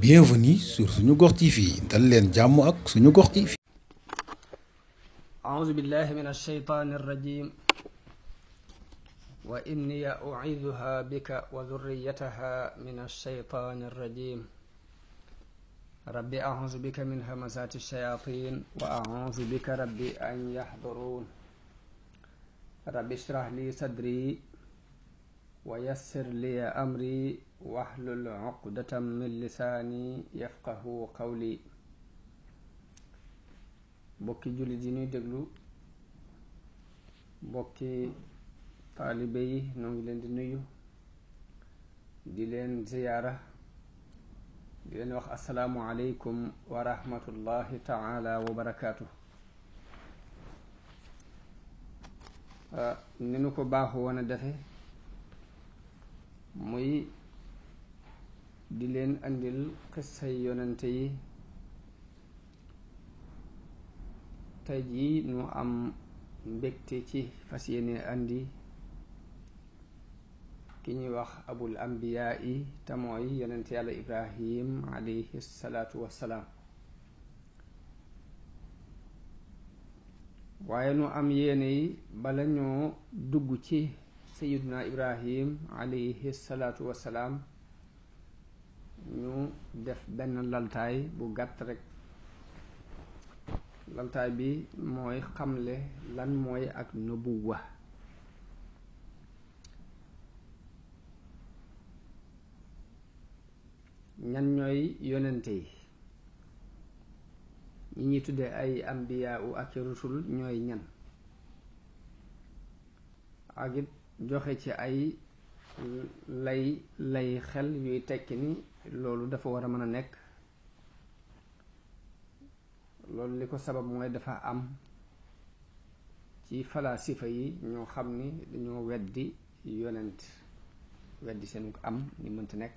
bienvenue sur suñu gox TV dal leen jàmm ak suñu gox TV أعوذ بالله من الشيطان الرجيم وإني أعيذها بك وذريتها من الشيطان الرجيم ربي أعوذ بك من همزات الشياطين وأعوذ بك ربي أن يحضرون ربي اشرح لي صدري ويسر لي أمري wahlul uqdatam min lisaani yafqahu qawli bokki jullit yi ñuy déglu bokki taalibe yi noo ngi leen di nuyu di leen ziyaara di leen wax asalaamu aleykum wa rahmatullahi taala ah, ni nu ko baaxu woon a defe muy di leen andil xisay yonente yi tey jii nu am mbégte ci fas yéene andi ki ñuy wax abul ambiyaa yi te mooy yonente yàlla ibrahim alayhi salaatu wassalaam waaye nu am yéene bala ñoo dugg ci sayiduna ibrahim alayhi salaatu wassalaam ñu def benn laltaay bu gàtt rekk laltaay bi mooy xamle lan mooy ak nubuwa ñan ñooy yonente yi ñi ñuy tuddee ay ambiyaa u ak rusul ñooy ñan ak it joxe ci ay lay lay xel yuy tekki ni loolu dafa war a mën a nekk loolu li ko sabab mooy dafa am ci falaasifa yi ñoo xam ni dañoo weddi yonent weddi seenu am ni mënta nekk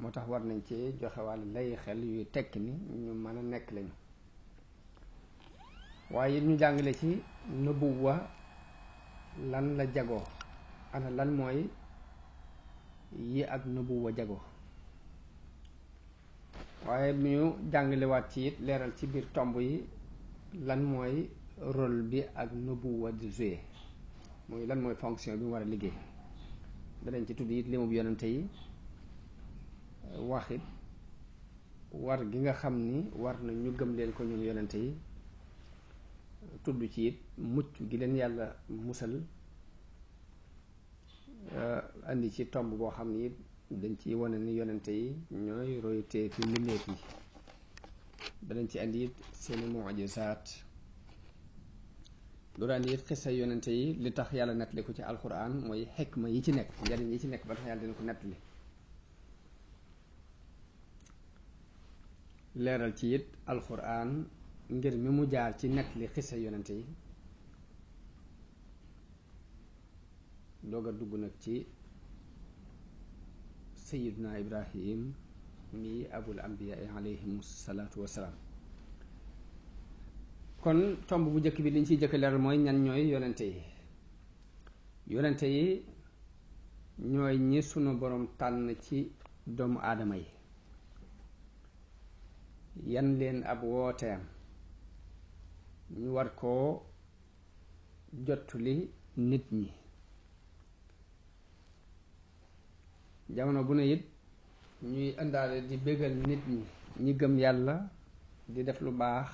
moo tax war nañ ci joxewaal lay xel yuy tekki ni ñu mën a nekk lañu waaye ñu jàngale ci nubuwa lan la jagoo ana lan mooy yi ak nubuwa jago waaye ñu jàngalewaat ci it leeral ci biir tomb yi lan mooy rôle bi ak nubuwa di joué mooy lan mooy fonction bi mu war a liggéey danañ ci tudd it limu yonante yi wax it war gi nga xam ni war na ñu gëm leen ko ñun yonante yi tudd ci it mucc gi leen yàlla musal Euh, andi ci tomb boo xam ni dañ ciy wane ni yonente yi ñooy royteefi mbindeef yi danañ ci indi it seeni mujisaat loolu andi it xisa yonente yi li tax yàlla nettali ko ci alquran mooy xekk ma yi ci nekk njariñ yi ci nekk ba tax yàlla dina ko nettali leeral ci it alquran ngir mi mu jaar ci nettali xisa yonente yi doog a dugg nag ci sayiduna ibrahim mi abul ambiyaay alayhim salaatu wassalaam kon tomb bu njëkk bi liñ ciy jëkk leeral mooy ñan ñooy yonente yi yonente yi ñooy ñi sunu borom tànn ci doomu aadama yi yan leen ab wooteem ñu war koo jottuli nit ñi jamono bu ne it ñuy indaale di bëggal nit ñi ñi gëm yàlla di def lu baax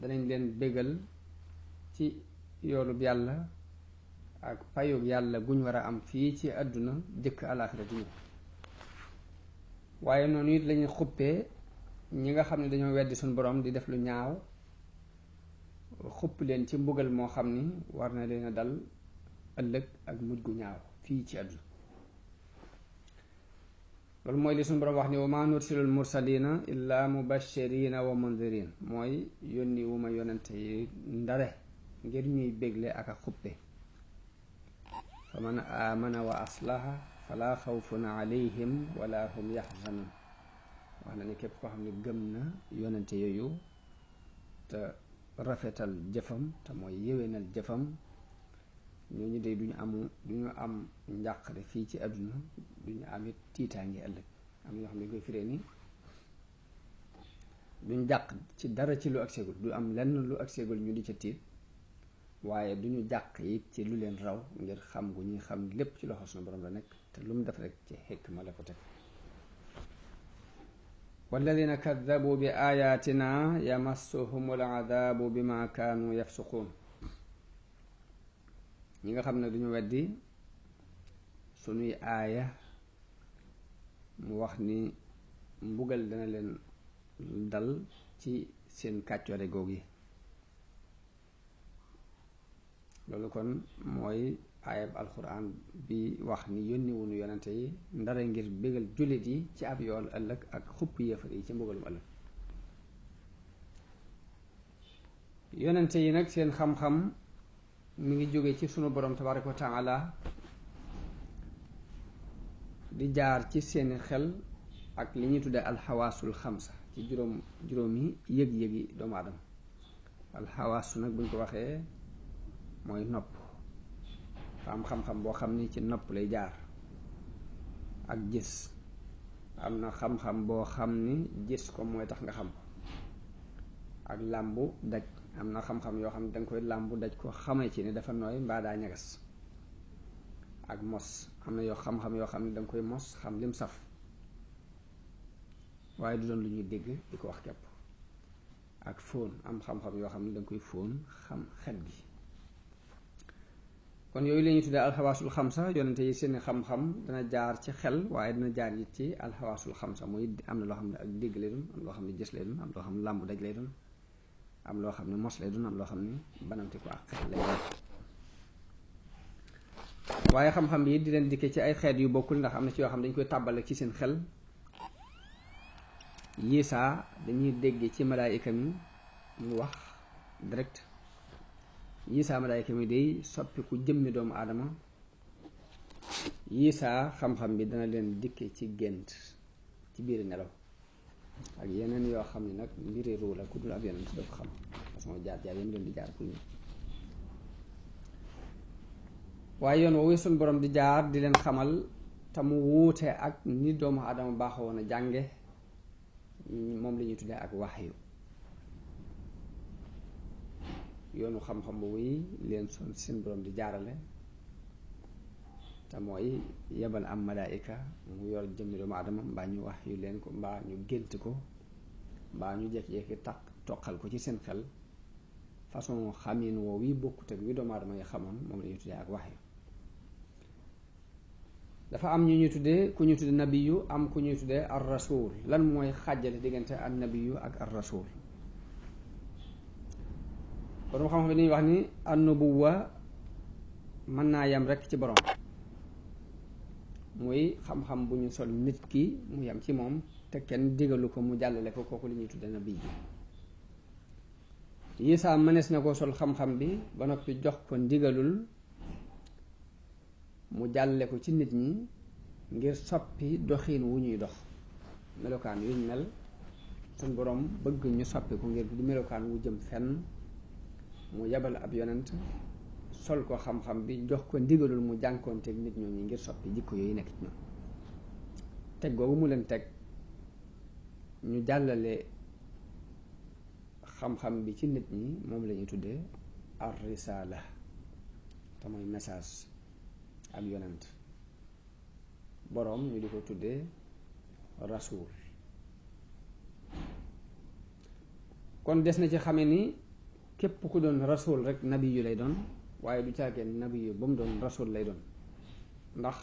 danañ leen bégal ci yoolub yàlla ak payub yàlla guñ war a am fii ci àdduna jëkk àllaaxira di waaye noonu it lañuy xuppee ñi nga xam ne dañoo weddi suñu borom di def lu ñaaw xupp leen ci mbugal moo xam ni war na leen dal ëllëg ak mujj gu ñaaw fii ci àdduna loolu mooy li suñu borom wax ni wa maa nursilul mursalina illaa mubashirina wa mundirin mooy yónni wu yi ndare ngir ñuy bégle ak a xuppe fa man aamana wa aslaha fala xawfun alayhim wax na ni képp koo xam ne gëm na yonente yooyu te rafetal jëfam te mooy yéwénal jëfam ñooñu day duñu amul duñu am njàq njàqare fii ci àdduna duñu am it tiitaange ëllëg am yoo xam ne dañ koy firee ni duñ jàq ci dara ci lu ak seegul du am lenn lu ak ñu di ca tiit waaye duñu jàq yi ci lu leen raw ngir xam gu ñuy xam lépp ci loxo sunu borom la nekk te lu mu def rek ci xikma la ko teg walladina kaddabu bi ayatina yamassuhumul adabu bima kaanu yafsuquun ñi nga xam ne duñu weddi suñuy aaya mu wax ni mbugal dana leen dal ci seen kàccoore googu yi loolu kon mooy aayab alxuraan bi wax ni yónni wuñu yonente yi ndara ngir bégal jullit yi ci ab yoon ëllëg ak xupp yéefar yi ci mbugalum ëllëg yonente yi nag seen xam-xam mi ngi jóge ci sunu borom tabaraka wa taala di jaar ci seeni xel ak li ñuy tudde alxawaasul xam xamsa ci juróom juróomi yëg-yëgi doomu aadama alxawaasu nag buñ ko waxee mooy nopp am xam-xam boo xam ni ci nopp lay jaar ak gis am na xam-xam boo xam ni gis ko mooy tax nga xam ak làmbu daj am na xam-xam yoo xam ne danga koy làmbu daj ko xamee ci ne dafa nooy mbaa daa ñagas ak mos am na yoo xam-xam yoo xam ne danga koy mos xam lim saf waaye du doon lu ñuy dégg di ko wax képp ak fóon am xam yoo xam ne danga koy fóon xam xet gi kon yooyu la ñuy tuddee alxawaasul xamsa yonente yi seeni xam-xam dana jaar ci xel waaye dana jaar it ci alxawaasul sax mooy am na loo xam ne ak dégg lay doon am loo xam ne gis lay doon am loo xam ne làmbu daj lay doon am loo xam ne mos lay doon am loo xam ne banamti ko ak xeet lay waaye xam-xam bi di leen dikk ci ay xeet yu bokkul ndax am na ci yoo xam dañ koy tàbbale ci seen xel yii saa dañuy dégg ci malaayika mi mu wax direct yii saa malaayika mi day soppiku jëmmi doomu aadama yii saa xam-xam bi dana leen dikkee ci gént ci biir nelaw ak yeneen yoo xam ne nag mbiri ruu la ku dul ab yonent dafa xam parce que jaar jaar yam leen di jaar pour ñu waaye yoon woowu seen borom di jaar di leen xamal te mu wuute ak ni doomu aadama baaxoo woon a jànge moom la ñuy tuddee ak waxyu yoonu xam-xam boobu yi leen son seen borom di jaarale te mooy yebal am malaayika mu yor jëmmi doomu adama mbaa ñu wax yu leen ko mbaa ñu gént ko mbaa ñu jekk-jekki takk toqal ko ci seen xel façon xamin woo wi bokkut ak wi doomu adama yi xamoon moom la ñu tuddee ak wax yi dafa am ñu ñuy tuddee ku ñuy tuddee nabiyu am ku ñu tuddee ar rasul lan mooy xàjjale diggante an nabiyu ak ar rasul borom xam-xam ni wax ni an nubuwa mën naa yem rekk ci borom muy xam-xam bu ñu sol nit ki mu yem ci moom te kenn digalu ko mu jàllale ko kooku li ñuy tudde na bii yi saa mënees na ko sol xam-xam bi ba noppi jox ko ndigalul mu jàlle ko ci nit ñi ngir soppi doxiin wu ñuy dox melokaan yuñ mel suñ boroom bëgg ñu soppi ko ngir melokaan wu jëm fenn mu yabal ab yonent sol ko xam-xam bi jox ko ndigalul mu jànkoonteeg nit ñooñu ngir soppi jikko yooyu nekk ci ñoom teg googu mu leen teg ñu jàllale xam-xam bi ci nit ñi moom lañuy tuddee ar risala te mooy message ak yonent boroom ñu di ko tuddee rasuul kon des na ci xame ni képp ku doon rasuul rek nabi yu lay doon waaye du caageen nabi ba mu doon rasul lay doon ndax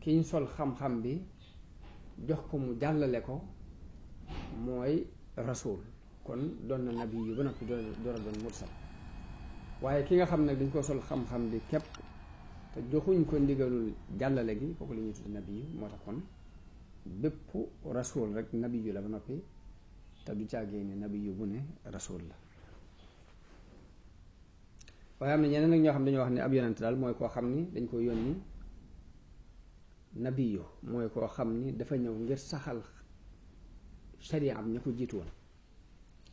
ki ñu sol xam-xam bi jox ko mu jàllale ko mooy rasul kon doon na nabi ba noppi doon doora doon mursal waaye ki nga xam nag dañ ko sol xam-xam bi képp te joxuñ ko ndigalul jàllale gi kooku la ñuy tudd nabi yu moo tax kon bépp rasul rek nabi yu la ba noppi te du caagee ne nabi yu bu ne rasul la waaye am na ñeneen nag ñoo xam dañoo wax ne ab yonent daal mooy koo xam ni dañ ko yónni nabiyu mooy koo xam ni dafa ñëw ngir saxal sharia am ñu ko jiitu woon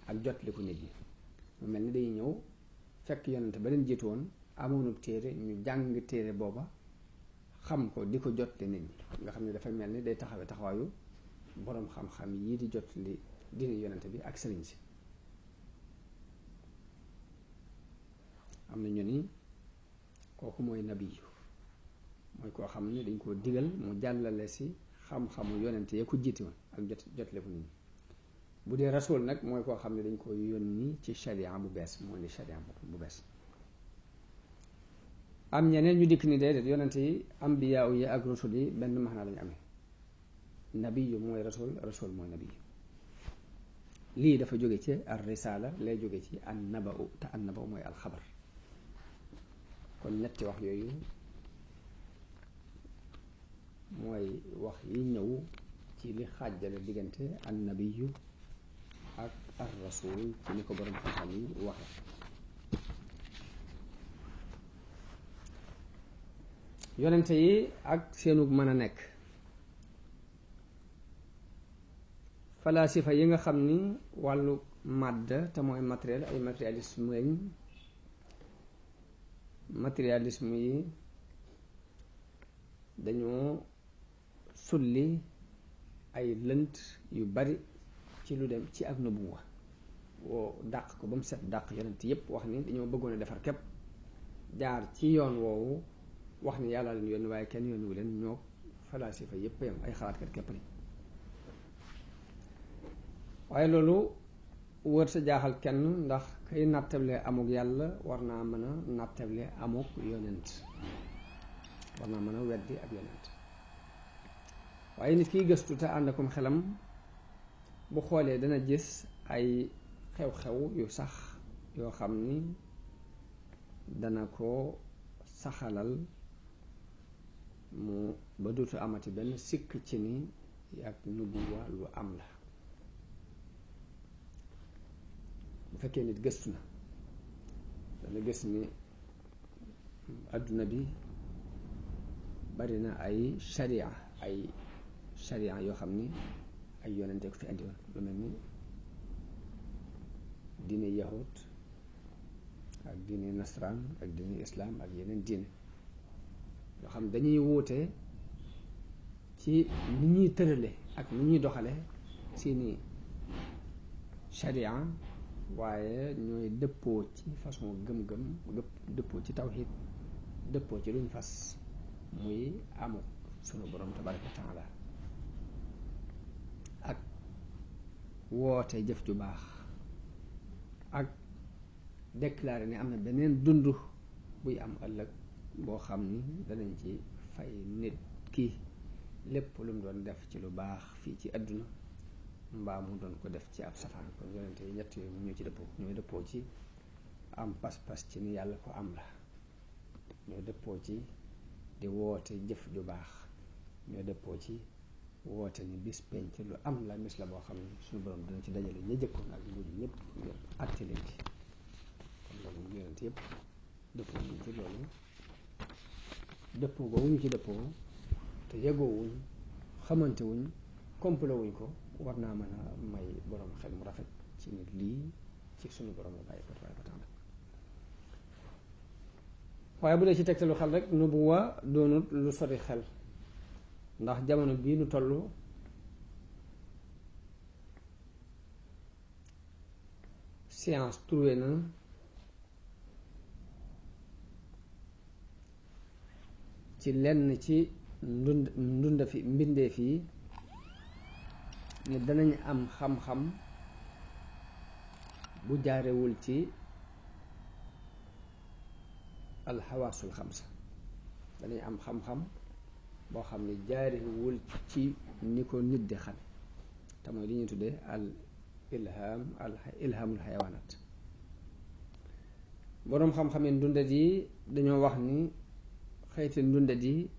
ak jot li ko nit yi mu mel ni dañuy ñëw fekk yonent ba leen jiitu woon amoonu téere ñu jàng téere booba xam ko di ko jot li nit ñi nga xam ne dafa mel ni day taxawee taxawaayu boroom xam-xam yii di jot li dina yonent bi ak sëriñ si am na ni kooku mooy nabiyu mooy koo xam ne dañ koo digal mu jàllale si xam-xamu yonent ko jiite woon ak bu dee rasul nag mooy koo xam ne dañ ko yónni ci sharia bu bees moo indi sharia bu bees am ñeneen ñu dikk ni déedéet yonent yi ambiyaaw yi ak rasul yi benn maanaa lañu amee nabiyu mooy rasul rasul mooy nabiyu lii dafa jóge ci ar risaala lay jóge ci an naba'u te an naba'u mooy alxabar kon ñetti wax yooyu mooy wax yi ñëw ci li xàjjale diggante annabiyu ak ar rasul ci ni ko borom xam yi waxe yonente yi ak seenu mën a nekk falaasifa yi nga xam ni wàllu màdd te mooy matériel ay matérialisme matérialisme yi dañoo sulli ay lënt yu bari ci lu dem ci ak nubuwa woo dàq ko ba mu set dàq yonent yépp wax ni dañoo bëggoon a defar képp jaar ci yoon woowu wax ni yàlla leen yoon waaye kenn yoon wu leen ñoo fa yépp yam ay xalaatkat képp ni waaye loolu wër sa jaaxal kenn ndax kay nattable amuk yàlla war naa mën a nattable amuk yonent war mën a weddi ab yonent waaye nit kiy gëstu te ànd akum xelam bu xoolee dana gis ay xew-xew yu sax yoo xam ni dana ko saxalal mu ba duutu amati benn sikk ci ni ak nubuwa lu am la bu fekkee nit gëstu na dana gis ni àdduna bi bari na ay sharia ay sharia yoo xam ni ay yonente ko fi andi woon lu mel dini diine ak diine nasraan ak diine islaam ak yeneen diine yoo xam dañuy wuute ci ni ñuy tërale ak ni ñuy doxale seeni sharia waaye ñooy dëppoo ci façon gëm-gëm dëppoo ci tawxiid dëppoo ci luñ fas muy amut sunu borom tabaraka wa taala ak woote jëf ju baax ak déclaré ni am na beneen dund buy am ëllëg boo xam ni danañ ci fay nit ki lépp lu mu doon def ci lu baax fii ci àdduna mbaa mu doon ko def ci ab safaan ko yi ñett yooyu ñoo ci dëppoo ñoo dëppoo ci am pas-pas ci ni yàlla ko am la ñoo dëppoo ci di woote jëf ju baax ñoo dëppoo ci woote ni bis penc lu am la mis la boo xam ne suñu borom dina ci dajale ña jëkkoon ak mujj ñëpp ngir àtte leen ci yëpp dëppoo ñu ci loolu dëppoo googu ñu ci dëppoo te yegoo wuñ xamante wuñ complé wuñ ko war naa mën a may borom xel mu rafet ci nit lii ci suñu borom la bàyyi ko tabaaraka wa taala waaye bu dee ci tegtalu xel rek nubuwa doonut lu sori xel ndax jamono bii nu toll science trouvé na ci lenn ci ndund ndunda fi mbindeef yi ne danañ am xam-xam bu jaarewul ci alxawaasul xamsa danañ am xam-xam boo xam ne jaarewul ci ni ko nit di xame te li ñuy tuddee al ilham al ilhamul xayawaanaat boroom xam-xam yi ndundat yi dañoo wax ni xëyti ndundat yi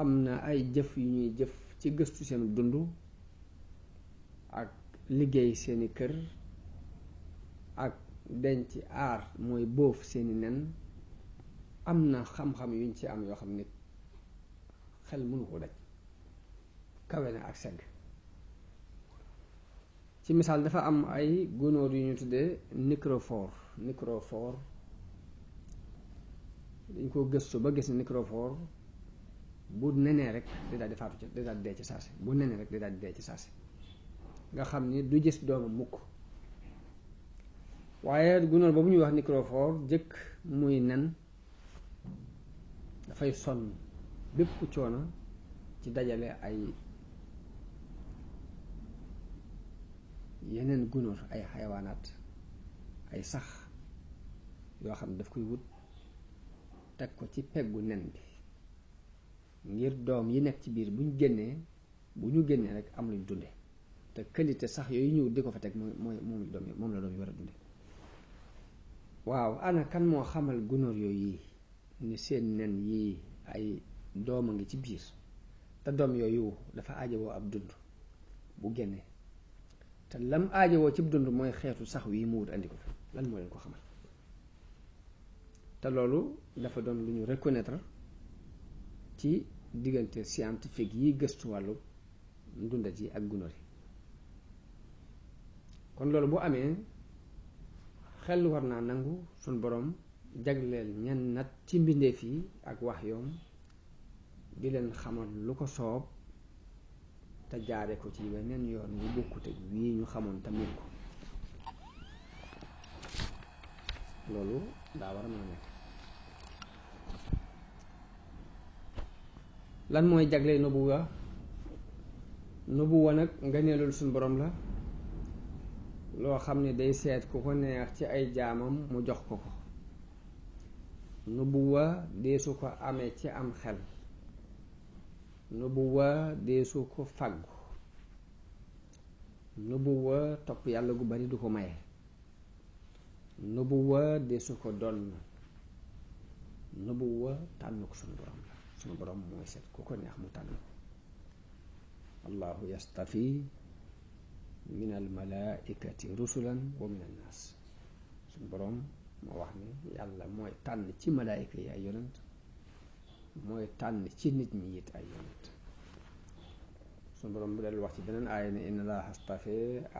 am na ay jëf yu ñuy jëf ci gëstu seen dund liggéey seeni kër ak denc aar mooy bóof seeni nen am na xam-xam yuñ ci am yoo xam ne xel mënu ko daj kawe na ak segg ci misaal dafa am ay gunóor yu ñu tuddee nicrophore nicrophore dañ ko gëstu ba gis ne nicrophore bu nenee rek di daal di faatu ci di daal dee ci saasi bu nenee rek di daal di dee ci saasi nga xam ni du gis doomam mukk waaye gunóor boobu ñuy wax microphore jëkk muy nen dafay sonn bépp coono ci dajale ay yeneen gunóor ay xayawaanaat ay sax yoo xam ne daf koy wut teg ko ci peggu nen bi ngir doom yi nekk ci biir bu ñu génnee bu ñu génnee rek am luñ dunde te qualité sax yooyu ñëw di ko fa teg mooy mooy moom doom moom la doom yi war a dunde waaw ana moo xamal gunóor yooyu yi ni seen nen yii ay doom a ngi ci biir te doom yooyu dafa aajowoo ab dund bu génnee te lan aajowoo cib dund mooy xeetu sax wi mu wut andi ko fi lan moo leen ko xamal te loolu dafa doon lu ñu reconnaître ci diggante scientifique yi gëstu wàllu dundat yi ak gunóor yi kon loolu bu amee xel war naa nangu suñ boroom jagleel ñenn nat ci mbindeef yi ak wax yoom di leen xamal lu ko soob te jaare ko ci weneen yoon wu bokkut wii ñu xamoon tamit ko loolu daa war a mën a nekk lan mooy jagleel nubuwa nubuwa nag nga neelul suñ boroom la loo xam ne day seet ku ko neex ci ay jaamam mu jox ko ko nubuwa deesu ko ame ci am xel nubuwa deesu ko fàggu nubuwa topp yàlla gu bari du ko maye nubuwa deesu ko donn nubuwa tànn ko sunu borom la sunu borom mooy seet ku ko neex mu tànn ko allahu yastafi min al malaikati rusulan wa min an naas suñ boroom wax ne yàlla mooy tànn ci malaayika yi ay yonent mooy tànn ci nit ñi it ay yonent suñ boroom wax ci beneen aaya ne inna allaha astafe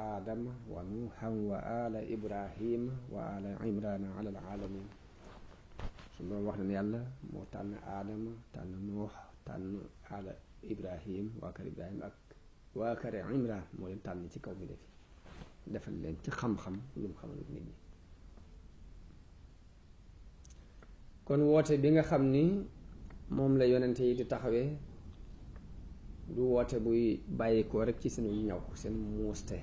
aadama wa nuuhan wa ala ibrahima wa ala imrana ala moo tànn aadama tànn ala ibrahim waa waa kër Imran moo leen tànn ci kaw bi def defal leen ci xam-xam lu mu xamal nit ñi kon woote bi nga xam ni moom la yonente yi di taxawee du woote buy bàyyikoo rek ci seenu ñaw seen muuste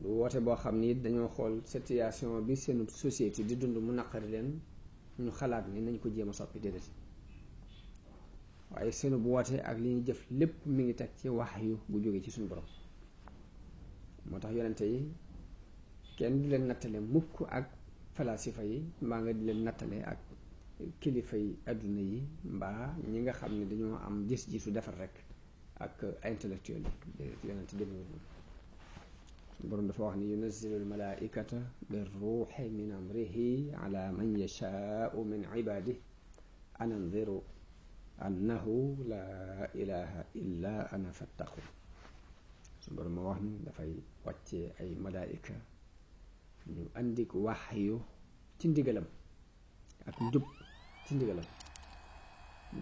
du woote boo xam ni dañoo xool situation bi seenu société di dund mu naqari leen ñu xalaat ni nañ ko jéem a soppi déedéet waaye seenu bu waate ak li ñuy jëf lépp mi ngi teg ci wax yu bu jóge ci suñu borom moo tax yonente yi kenn du leen nattale mukk ak falaasifa yi mbaa nga di leen nattale ak kilifa yi adduna yi mbaa ñi nga xam ne dañoo am gis-gisu defar rekk ak intellectuel yi yonente demewul borom dafa wax ni yunazzilu almalaikata bi ruuxi min amrihi ala man yashaau min ibadihi anandiru annahu laa ilaha illa ana fattaku su borom moo wax mi dafay wàccee ay malaayika ñu andi waxyu ci ndigalam ak njub ci ndigalam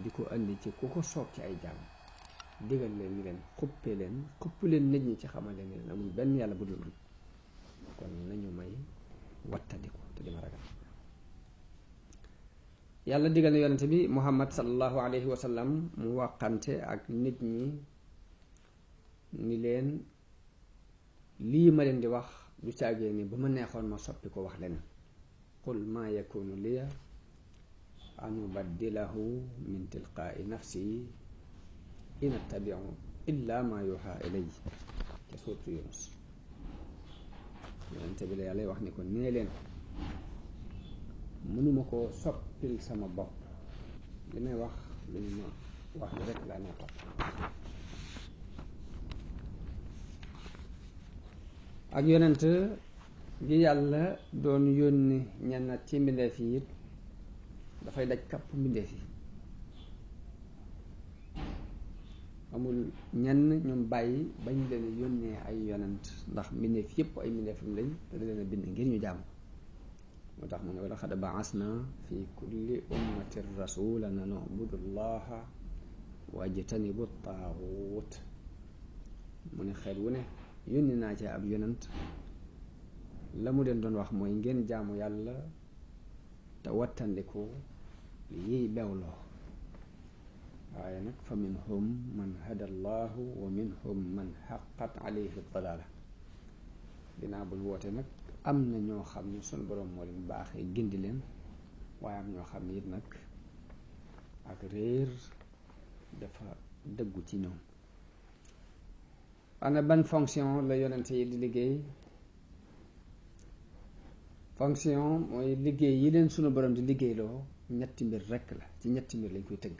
di ko indi ci ku ko soob ci ay jàmm digal leen ni leen xuppe leen xupp leen nit ñi ci xamal leen amul benn yàlla bu dul man kon nañu may wattandiku te dima ragal yàlla digal na yonente bi muhammad sallallahu alayhi wa sallam mu waxante ak nit ñi ni leen lii ma leen di wax du caagee ni ba ma neexoon ma soppi ko wax leen qul maa yakunu liya an ubaddilahu min tilqaai nafsi in attabiu maa yuha ilay te suuratu yunus yonente bi la yàlla wax ni ko nee leen mënuma koo soppil sama bopp li may wax lu ñu ma wax lu rek laa may topp ak yonent gi yàlla doon yónni ñenn ci mbindeef yi it dafay daj kàpp mbindeef yi amul ñenn ñoom bàyyi bañ leen yónnee ay yonent ndax mbindeef yépp ay mbindeefam lañ te leen bind ngir ñu jàmm moo tax mu ne wala xad baasna fi kulli ummatin rasula na nubudu llaha wajtanibu taaxut mu ne xeet wu ne yónni naa ci ab yonant la mu leen doon wax mooy ngeen jaamu yàlla te wattandiku li yiy bewloo waaye nag fa minhum man hada llahu wa minhum man xaqat alayhi dinaa bul woote nag am na ñoo xam ne sunu borom moo leen baaxee gindi leen waaye am ñoo xam ne it nag ak réer dafa dëggu ci ñoom ana ban fonction la yonente yi di liggéey fonction mooy liggéey yi leen sunu boroom di liggéeyloo ñetti mbir rekk la ci ñetti mbir lañ koy tëgg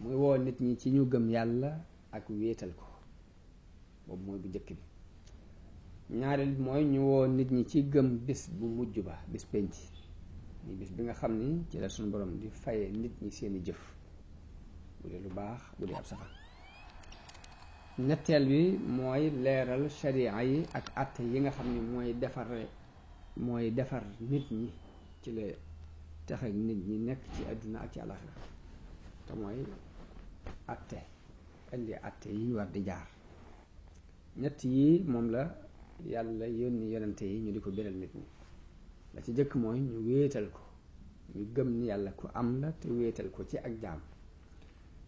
muy wow nit ñi ci ñu gëm yàlla ak wéetal ko boobu mooy bu jëkk bi ñaareel mooy ñu woo nit ñi ci gëm bis bu mujj ba bis penc muy bis bi nga xam ni ci la suñu borom di faye nit ñi seeni jëf bu dee lu baax bu dee ab safar ñetteel bi mooy leeral sharia yi ak àtte yi nga xam ni mooy defar mooy defar nit ñi ci la taxe nit ñi nekk ci àdduna ak ci àlaxira te mooy àtte indi àtte yi ñu war di jaar ñett yi moom la yàlla yónni yonente yi ñu di ko beral nit ñi la ci jëkk mooy ñu wéetal ko ñu gëm ni yàlla ko am la te wéetal ko ci ak jaam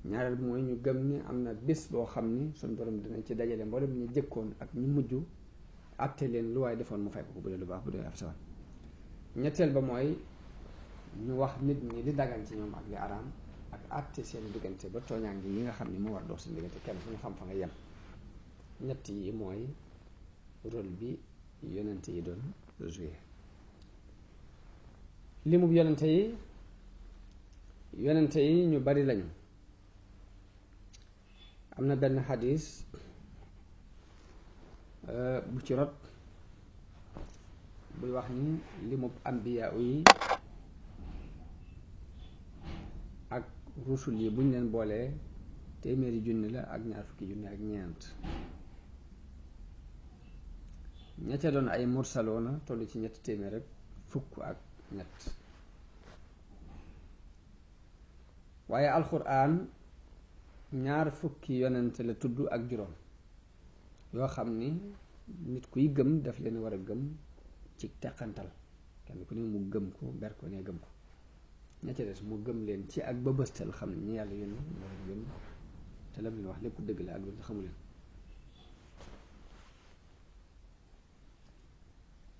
ñaareel bi mooy ñu gëm ni am na bis boo xam ni suñ borom dina ci dajale mboolem ñu jëkkoon ak ñu mujj àtte leen lu waaye defoon mu fay ko bu dee lu baax bu dee ab sawar ñetteel ba mooy ñu wax nit ñi li dagan ci ñoom ak li araam ak àtte seen diggante ba tooñaange yi nga xam ni moo war dox seen diggante kenn fu ñu xam fa ñett yi rôle bi yonent yi doon joué limub yonente yi yonente yi ñu bari lañu am na benn xadis euh, bu ci rot buy wax ni limub ambiya yi ak rusul yi buñ leen boolee téeméeri junni la ak ñaar fukki junni ak ñeent ña ca doon ay mursaloona toll ci ñetti téeméer rek fukk ak ñett waaye alxuraan ñaar fukki yonent la tudd ak juróom yoo xam ni nit kuy gëm daf leen war a gëm ci teqantal kenn ku ne mu gëm ko ber ne gëm ko ña des mu gëm leen ci ak bëbëstal xam ne ñu yàlla yónni moo leen yónni te la mu leen wax lépp dëgg la ak lu xamu leen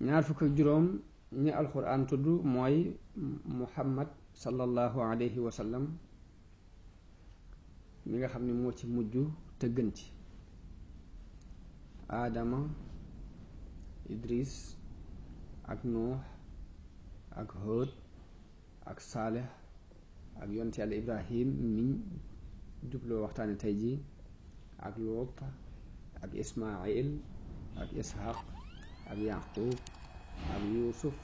ñaar fukk ak juróom ñi alxuraan tudd mooy muhammad sallallahu alayhi wa mi nga xam ni moo ci mujj tëgganti aadama idris ak nuux ak hóot ak saalix ak yonte yàlla ibrahim miñ jubloo waxtaane tey ji ak luut ak ismail ak ishaq ak yaqub ak yuusuf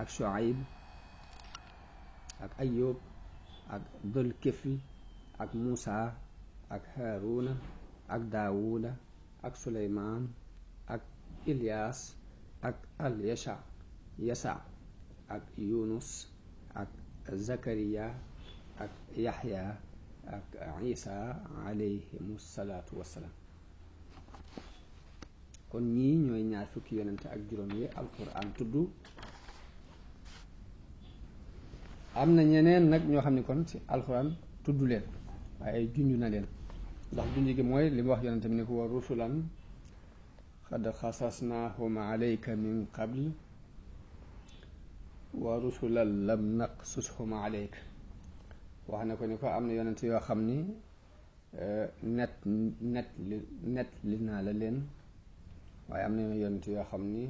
ak shuaib ak ayub ak dul kifl ak muusa ak haaruna ak daawuda ak suleymaan ak ilyaas ak al yasha yasa ak yunus ak zakariya ak yaxya ak isa alayhim salaatu wassalaam kon ñii ñooy ñaar fukki yonent ak juróom yi alquran tudd am na ñeneen nag ñoo xam ne kon ci alquran tudd leen waaye junju na leen ndax junj gi mooy li mu wax yonent bi ni ko wa rusulan xad xasasnaahum alayka min qabl wa rusulan lam naqsushum alayka wax na ko ni ko am na yonent yoo xam ni eh, net net net li naa la leen waaye am na yonent yoo xam ni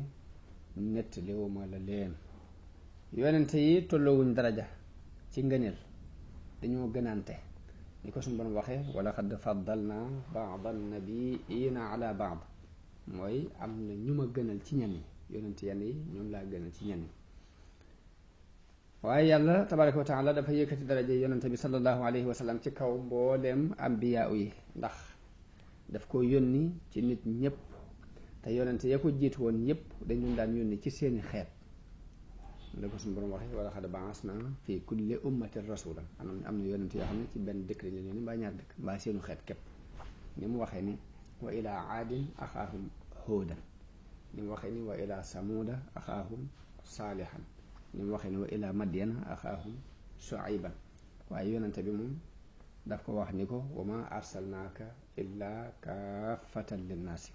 nettaliwuma la leen yonent yi tolloowuñ daraja ci ngëneel dañoo gënante ni ko suñu borom waxee wala xad faddalna baada nabiina ala baad mooy am na ñu ma gënal ci ñenn yi yonent yenn yi ñoom laa gënal ci ñenn yi waaye yàlla tabaraka wa taala dafa yëkkati daraje yonente bi salallahu alayhi wa sallam ci kaw mbooleem ambiyaa yi ndax daf ko yónni ci nit ñépp te yonente ya ko jiit woon ñëpp dañu daan yónni ci seeni xeet da ko suñu borom waxee wala xad baas na fii kulli ummatin rasula am na yonente yoo xam ne ci benn dëkk lañu leen mbaa ñaar dëkk mbaa seenu xeet képp ni mu waxee ni wa ilaa aadin axaahum huudan ni mu waxee ni wa ilaa samuuda axaahum saalihan ni mu waxee ni wa ilaa madyana axaahum shuayban waaye yonente bi moom daf ko wax ni ko wa ma arsalnaaka illaa kaafatan linnaasi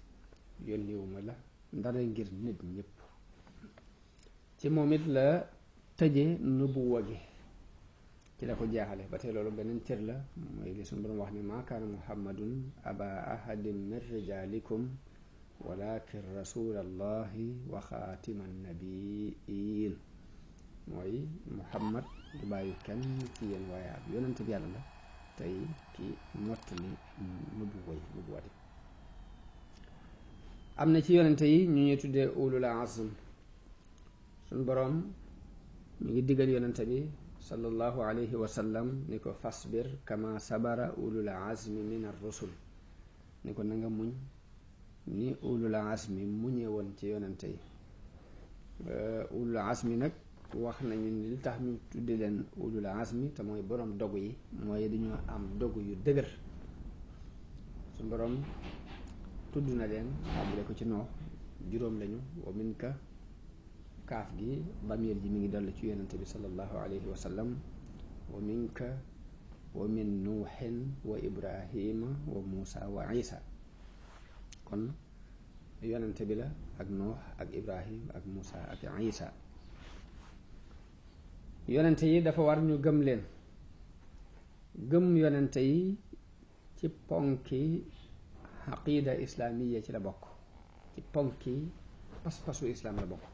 yónniwuma la ndara ngir nit ñëpp ci moom it la tëje nubuwa gi ci la ko jaaxale ba tey loolu beneen cër la mooy li suñu borom wax ne maa kaana muhammadun aba ahadin min rijalikum walakin rasulallahi nabiin mooy muhammad bàyyi kenn ci yéen waaye ab yonent bi yàlla la tey ki mottali nubuwa yi nubuwaati am na ci yonente yi ñu ñuy tuddee ulul azm suñ boroom ñu ngi digal yonente bi sallallahu alayhi wa sallam ni ko fasbir kama sabara ulul azmi min ar ni ko na nga muñ ni ulul azmi muñe woon ci yonente yi ulul azmi nag wax nañu ni li tax ñu tuddi leen ulul azmi te mooy boroom dogu yi mooy dañoo am dogu yu dëgër suñ boroom tudd na leen tàmbale ko ci noox juróom lañu wa min kaaf gi bamir ji mu ngi dal ci yonente bi sallallahu alayhi wa wa min wa min nuuxin wa ibrahima wa muusa wa isa kon yonente bi la ak nuux ak ibrahim ak muusa ak isa yonente yi dafa war ñu gëm leen gëm yonente yi ci ponki aqida islaamiya ci la bokk ci ponki pas-pasu islaam la bokk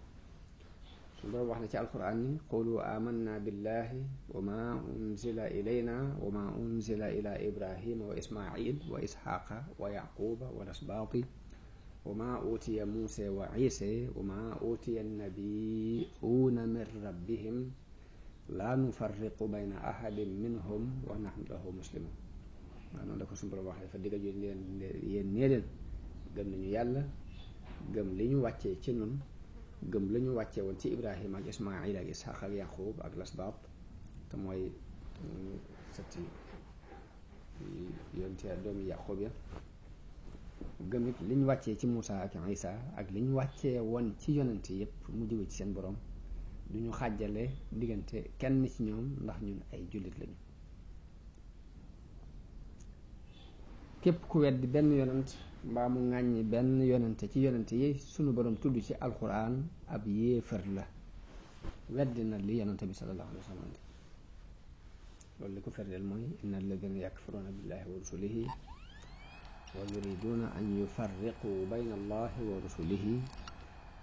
suñu boroom wax na ci alquran ni qulu amanna billahi wa ma unzila ilayna wa ma unzila ila ibrahima wa ismail wa isxaqa wa yaquba wa lasbaati wa ma utiya musa wa isa wa ma utiya annabiyuuna min rabbihim la nufarriqu bayna ahadin minhum wa nahnu lahu muslimun waa noonu la ko suñu borom waxee fa digga jooju leen yéen nee leen gëm nañu yàlla gëm li ñu wàccee ci nun gëm lañu wàccee woon ci ibrahima ak ismail ak ishaq ak yaqub ak lasbaab te mooy sëtti yoon ci doomi yaqub ya gëm it li ñu wàccee ci Moussa ak Isa ak li ñu wàccee woon ci yonent yëpp mu jóge ci seen borom du ñu xàjjale diggante kenn ci ñoom ndax ñun ay jullit lañu képp ku weddi benn yonent mbaa mu ŋàññi benn yonente ci yonente yi sunu borom tudd ci alquran ab yéefar la weddi na li yonente bi sallallahu alayhi wa sallam loolu li ko ferdeel mooy inna alladina yakfuruna billahi wa rusulihi wa yuriduna an yufarriqu bayna allahi wa rusulihi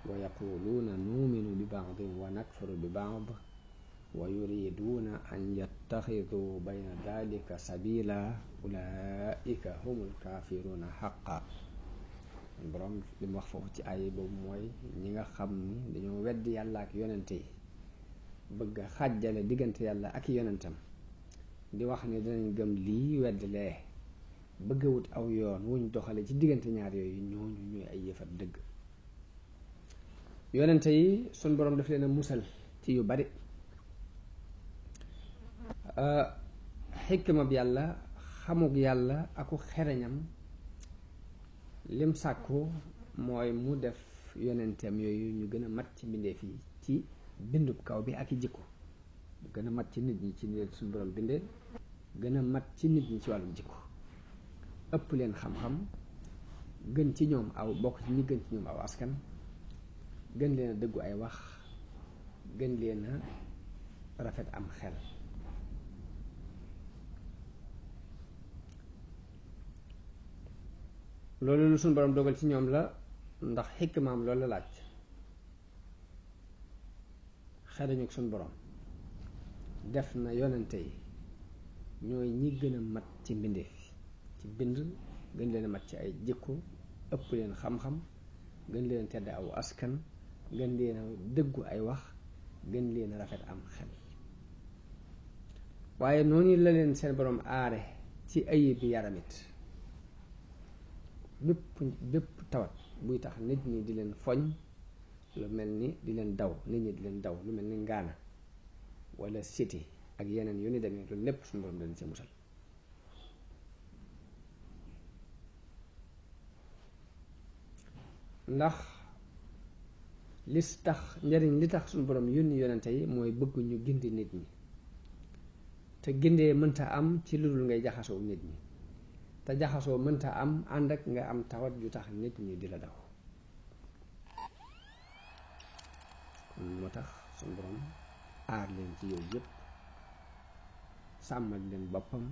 wa yaquluuna nuuminu bi baadin wa nakfuru bi baad wa yuriduna an yattaxidu bayna dalika sabila ulaika humul kaafiruuna xaqa borom li mu wax foofu ci ay boobu mooy ñi nga xam dañoo wedd yàlla ak yonente yi bëgg a xàjjale diggante yàlla ak yonentam di wax ne danañ gëm lii weddi lee bëgg wut aw yoon wuñ doxale ci diggante ñaar yooyu ñooñu ñuy ay yëfat dëgg yonente yi suñ borom daf leen musal ci yu bari xikma bi yàlla xamuk yàlla aku xereñam lim sàkku mooy mu def yonenteem yooyu ñu gën a mat ci mbindeef yi ci bindub kaw bi ak i jikko gën a mat ci nit ñi ci leen suñu gën a mat ci nit ñi ci wàllu jikko ëpp leen xam-xam gën ci ñoom aw bokk ci ñi gën ci ñoom aw askan gën leen a dëggu ay wax gën leen a rafet am xel loolu lu suñu borom dogal ci ñoom la ndax xikmaam loolu la laaj xereñu suñ boroom def na yonente yi ñooy ñi gën a mat ci mbindeef ci bind gën leen a mat ci ay jikko ëpp leen xam-xam gën leen tedd aw askan gën leen a dëggu ay wax gën leen a rafet am xel waaye noonu la leen seen boroom aare ci ayib bi yaramit bépp bépp tawat buy tax nit ñi di leen foñ lu mel ni di leen daw nit ñi di leen daw lu mel ni ngaana wala siti ak yeneen yu ni demee loolu lépp suñu borom dañ ci musal ndax li tax njariñ li tax suñu borom yónni yonente yi mooy bëgg ñu gindi nit ñi te gindee mënta am ci lu dul ngay jaxasoo nit ñi te jaxasoo mënta am ànd ak nga am tawat yu tax nit ñi di la daw kon moo tax suñu borom aar leen ci yooyu yëpp sàmmal leen boppam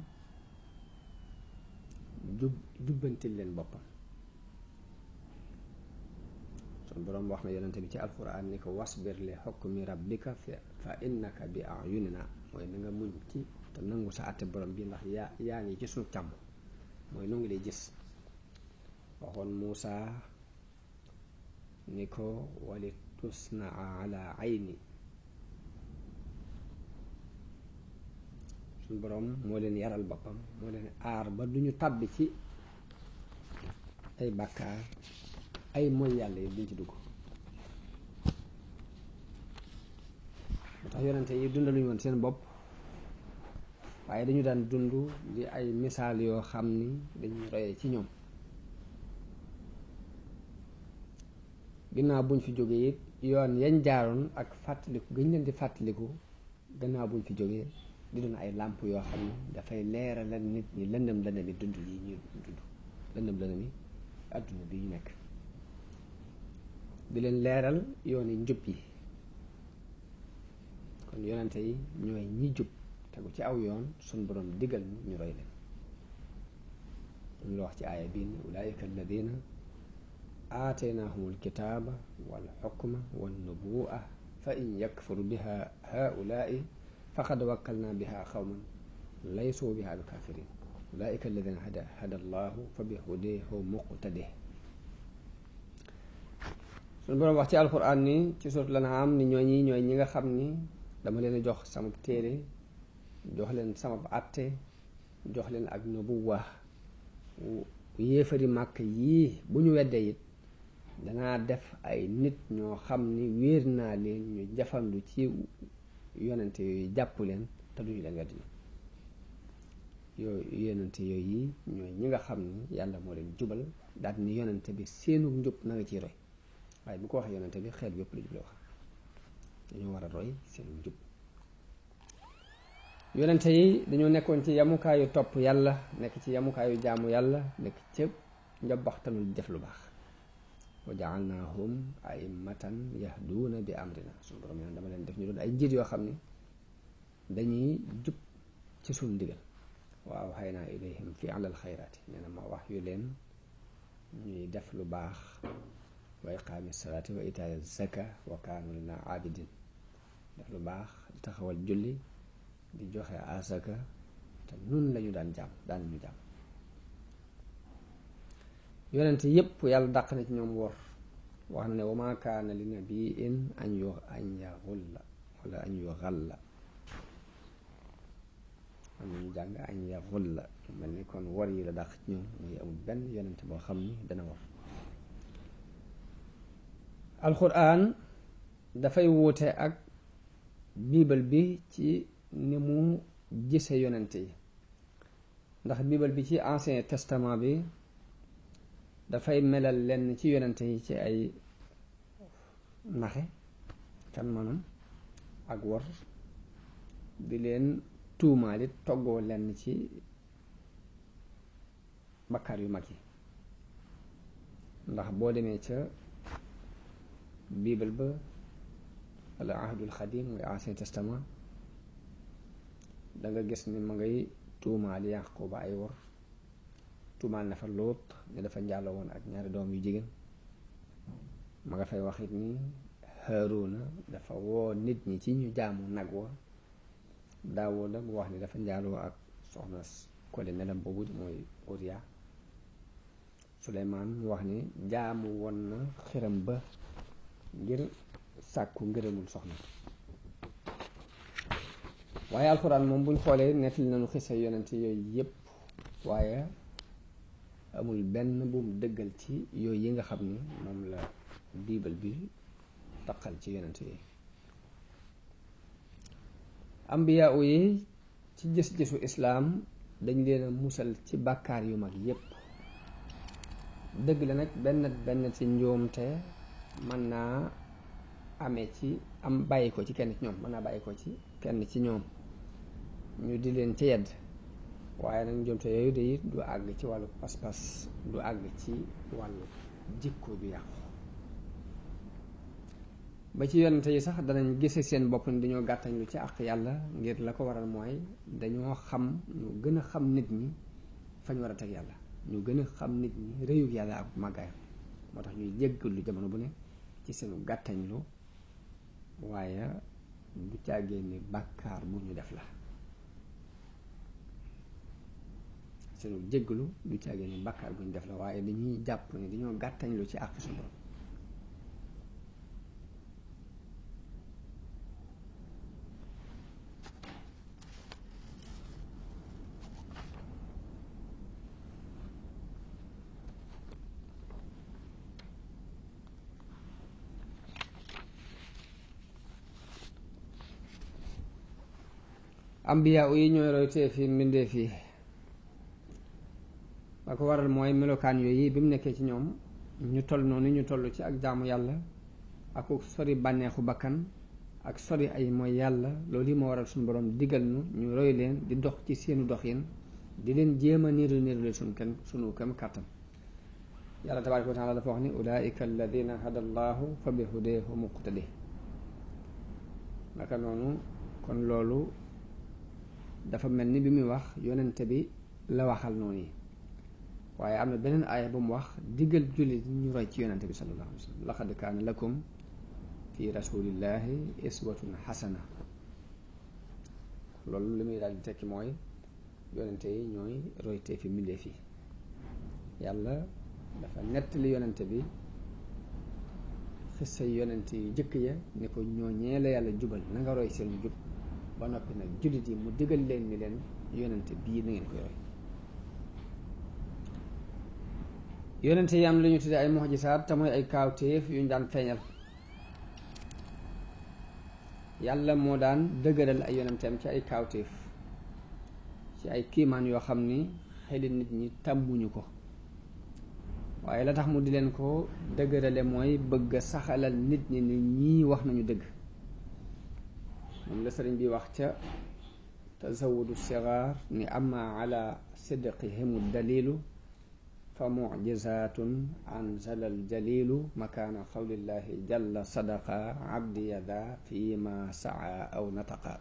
jub jubbantil leen boppam suñu borom wax na yonente bi ci alquran ni ko wasbir li hukmi rabbika fa innaka bi ayunina mooy na nga muñ ci te nangu sa àtte borom bi ndax yaa yaa ngi ci suñu càmb mooy nu ngi lay gis waxoon Muusa ni ko wali na ala ayni suñ boroom moo leen yaral boppam moo leen aar ba ñu tàbbi ci ay bàkkaar ay mooy yàlla yi duñ ci dugg moo tax yonente yi dundaluñu woon seen bopp waaye dañu daan dund di ay misaal yoo xam ni dañuy royee ci ñoom ginnaaw buñ fi jógee it yoon yañ jaaroon ak fàttaliku gën leen di fàttaliku gannaaw buñ fi jógee di doon ay làmp yoo xam ne dafay leeral nit ñi lëndëm lëndëmi dund yi ñu dund lëndëm lëndëmi adduna bi ñu nekk di leen leeral yoon yooni njub yi kon yonante yi ñooy ñi jub tegu ci aw yoon suñ borom digal ñu roy leen lu wax ci aaya bii ne ulaayika alladina aataynaahumul kitaaba wal xukma wan nubuwa fa in bi kaafirin ulaayika alladina hada hada allahu fa bi hudeehu muqtadih ni ci surat lanam ni ñi nga xam ni dama leen jox sama téere jox leen sama àtte jox leen ak nubuwa yéefari màkk yii bu ñu weddee it danaa def ay nit ñoo xam ni wéer naa leen ñu jafandu ci yonente yooyu jàpp leen te duñu leen weddi yooyu yi ñooy ñi nga xam ni yàlla moo leen jubal daal ni bi seenu njub na nga roy waaye bu ko waxee yonente bi xeet yépp la jubla wax dañoo war a roy seenu njub yonente yi dañoo nekkoon ci yamukaayu topp yàlla nekk ci yamukaayu jaamu yàlla nekk cëb njabaxtanul def lu baax wa jaalnaahum aimmatan yahduuna bi amrina suñu borom nee dama leen def ñu doon ay njiit yoo xam ni dañuy jub ci suñu ndigal waaw xay naa ilayhim fi alal xayraati nee na wax yu leen ñuy def lu baax wa iqaami salaati wa itaaya zaka wa kaanu lana def lu baax taxawal julli di joxe asaka te nun lañu daan jàmm daan ñu jàmm yonent yépp yàlla dàq na ci ñoom wor wax na ne wa maa kaana li nabiin an yu an la wala an yu xalla am nañu jàng an yaxulla mel ni kon wor yi la dàq ci ñoom muy amul benn yonent boo xam ni dana wor alquran dafay wuute ak biibal bi ci ni mu gise yonent yi ndax biibal bi ci ancien testament bi dafay melal lenn ci yonent yi ci ay naxe kan manam ak war di leen tuumaali toggoo lenn ci bakkaar yu mag yi ndax boo demee ca biibal ba wala ahdul xadim muy ancien testament danga gis ni mu ngay tuumaal Yaquba ay wor tuumaal na fa Luut ne dafa njaaloo woon ak ñaari doom yu jigéen mu nga fay waxit it ni Haaruna dafa woo nit ñi ci ñu jaamu nag wa Daawuda mu wax ni dafa njaaloo ak soxna kole nelam boobu mooy Uriya Suleymaan mu wax ni jaamu woon na xiram ba ngir sàkku ngërëmul soxna waaye alxuraan moom buñ xoolee nettali nañu xisa yonent yooyu yépp waaye amul benn bu dëggal ci yooyu yi nga xam ni moom la biibal bi taqal ci yonent yi ambiyaa yi ci gis-gisu islaam dañ leen musal ci bàkkaar yu mag yépp dëgg la nag benn benn ci njuumte mën naa amee ci am bàyyi ko ci kenn ci ñoom mën naa bàyyi ko ci kenn ci ñoom ñu di leen ci yedd waaye nag njomte yooyu de it du àgg ci wàllu pas-pas du àgg ci wàllu jikko ju yàqu ba ci yonente yi sax danañ gise seen bopp ni dañoo gàttañ lu ci àq yàlla ngir la ko waral mooy dañoo xam ñu gën a xam nit ñi fañ war teg yàlla ñu gën a xam nit ñi réyug yàlla ak màggaayam moo tax ñuy jéggal lu jamono bu ne ci seenu gàttañlu waaye du càggee ni bàkkaar bu ñu def la seenu jéggalu du caagee ne bàkkaar bu ñu def la waaye dañuy jàpp ne dañoo gàttañ lu ci àq su borom ambiyaa yi ñooy roy tee fi mbindeef la waral mooy melokaan yooyu bi mu nekkee ci ñoom ñu toll noonu ñu toll ci ak jaamu yàlla ak sori bànneexu bakkan ak sori ay mooy yàlla loolu yi moo waral suñu borom digal nu ñu roy leen di dox ci seenu doxin di leen jéem a niiru niirule sunu kenn suñu kam kàttan yàlla tabaaraka wa taala dafa wax ni ulaika alladina hada llahu fa bi hudeehu muqtadi naka noonu kon loolu dafa mel ni bi muy wax yonente bi la waxal noonu yi waaye am na beneen aaya bu mu wax diggal jullit ñu roy ci yonante bi sa alayhi wa sallam laqad kaana lakum fi rasulillahi iswatun xasana loolu li muy daal di tekki mooy yonente yi ñooy roytee fi mbindeef yàlla dafa nettali yonente bi xissa yonente yu jëkk ya ni ko ñooñee la yàlla jubal na nga roy seen jub ba noppi nag jullit yi mu digal leen ni leen yonente bii na ngeen koy roy yonente yi am lu ñu ay ay muxjisaat te mooy ay kaawteef yu ñu daan feeñal yàlla moo daan dëgëral ay yonenteem ci ay kaawteef ci ay kiimaan yoo xam ni xeli nit ñi tàmmuñu ko waaye la tax mu di leen ko dëgërale mooy bëgg a saxalal nit ñi ni ñii wax nañu dëgg moom la sëriñ bi wax ca tazawudu sigaar ni amma ala sidqihim dalilu fa mujizatun anzala aljalilu makaana qawlillahi jalla sadaqa abdiya da fi ma saa aw nataqa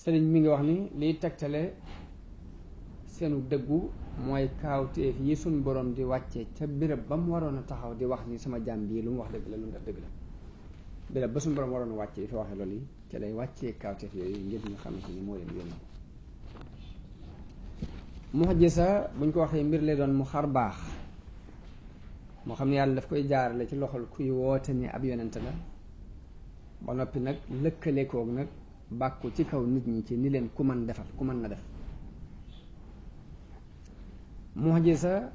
sëriñ mi ngi wax ni liy tegtale seenu dëggu mooy kaawteef yi suñ borom di wàccee ca béréb ba mu waroon a taxaw di wax ni sama jàmm bii lu mu wax dëgg la lu mu def dëgg la béréb ba suñ borom waroon a wàccee di fi waxee loolu yi ca lay wàccee kaawteef yooyu ngir xam ne ni moo leen yónni mujisa buñ ko waxee mbir lay doon mu xar baax moo xam ne yàlla daf koy jaarale ci loxol kuy woote ni ab yonent la ba noppi nag lëkkale koog nag bàkku ci kaw nit ñi ci ni leen ku man defal ku mën na def sa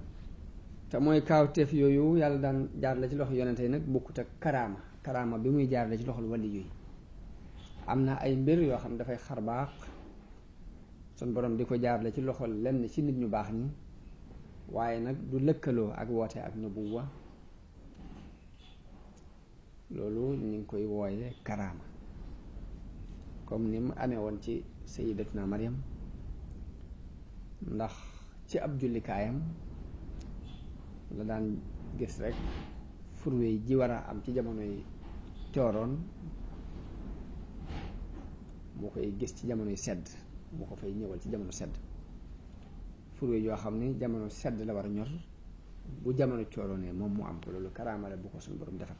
te mooy teef yooyu yàlla daan jaarale ci loxol yonent yi nag bokkut ak karaama karaama bi muy jaarale ci loxol wali yooyu am na ay mbir yoo xam ne dafay xar baax sun borom di ko jaarale ci loxo lenn ci nit ñu baax ñi waaye nag du lëkkaloo ak woote ak nubuwa loolu ñu ngi koy wooye karaama kom ni mu amee woon ci sayidatuna Maryam ndax ci ab jullikaayam la daan gis rekk furwe ji war a am ci jamono yi cooroon mu koy gis ci jamono yi sedd bu ko fay ñëwal ci jamono sedd fure yoo xam ni jamono sedd la war a ñor bu jamono cooroonee moom mu am ko loolu karaamale bu ko suñu borom defal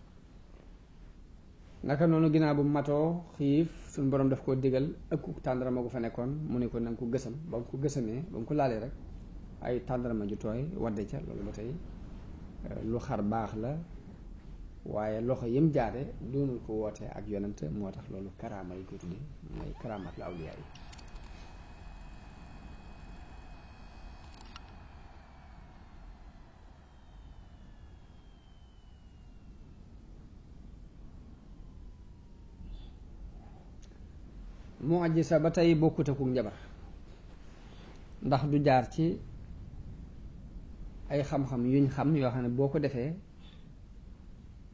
naka noonu ginnaaw bu matoo xiif suñu borom daf koo digal ëkku tàndarama gu fa nekkoon mu ne ko na nga ko gësam ba nga ko gësamee ba ko laalee rek ay tàndarama ju tooy wadde ca loolu ba tey euh, lu xar baax la waaye loxo yim jaare doonul ko wootee ak yonent moo tax loolu karaama yi ko tudde mooy karaamaat la awliyaa mujisa ba tey bokkut ak njabar ndax du jaar ci ay xam-xam yuñ xam yoo xam ne boo ko defee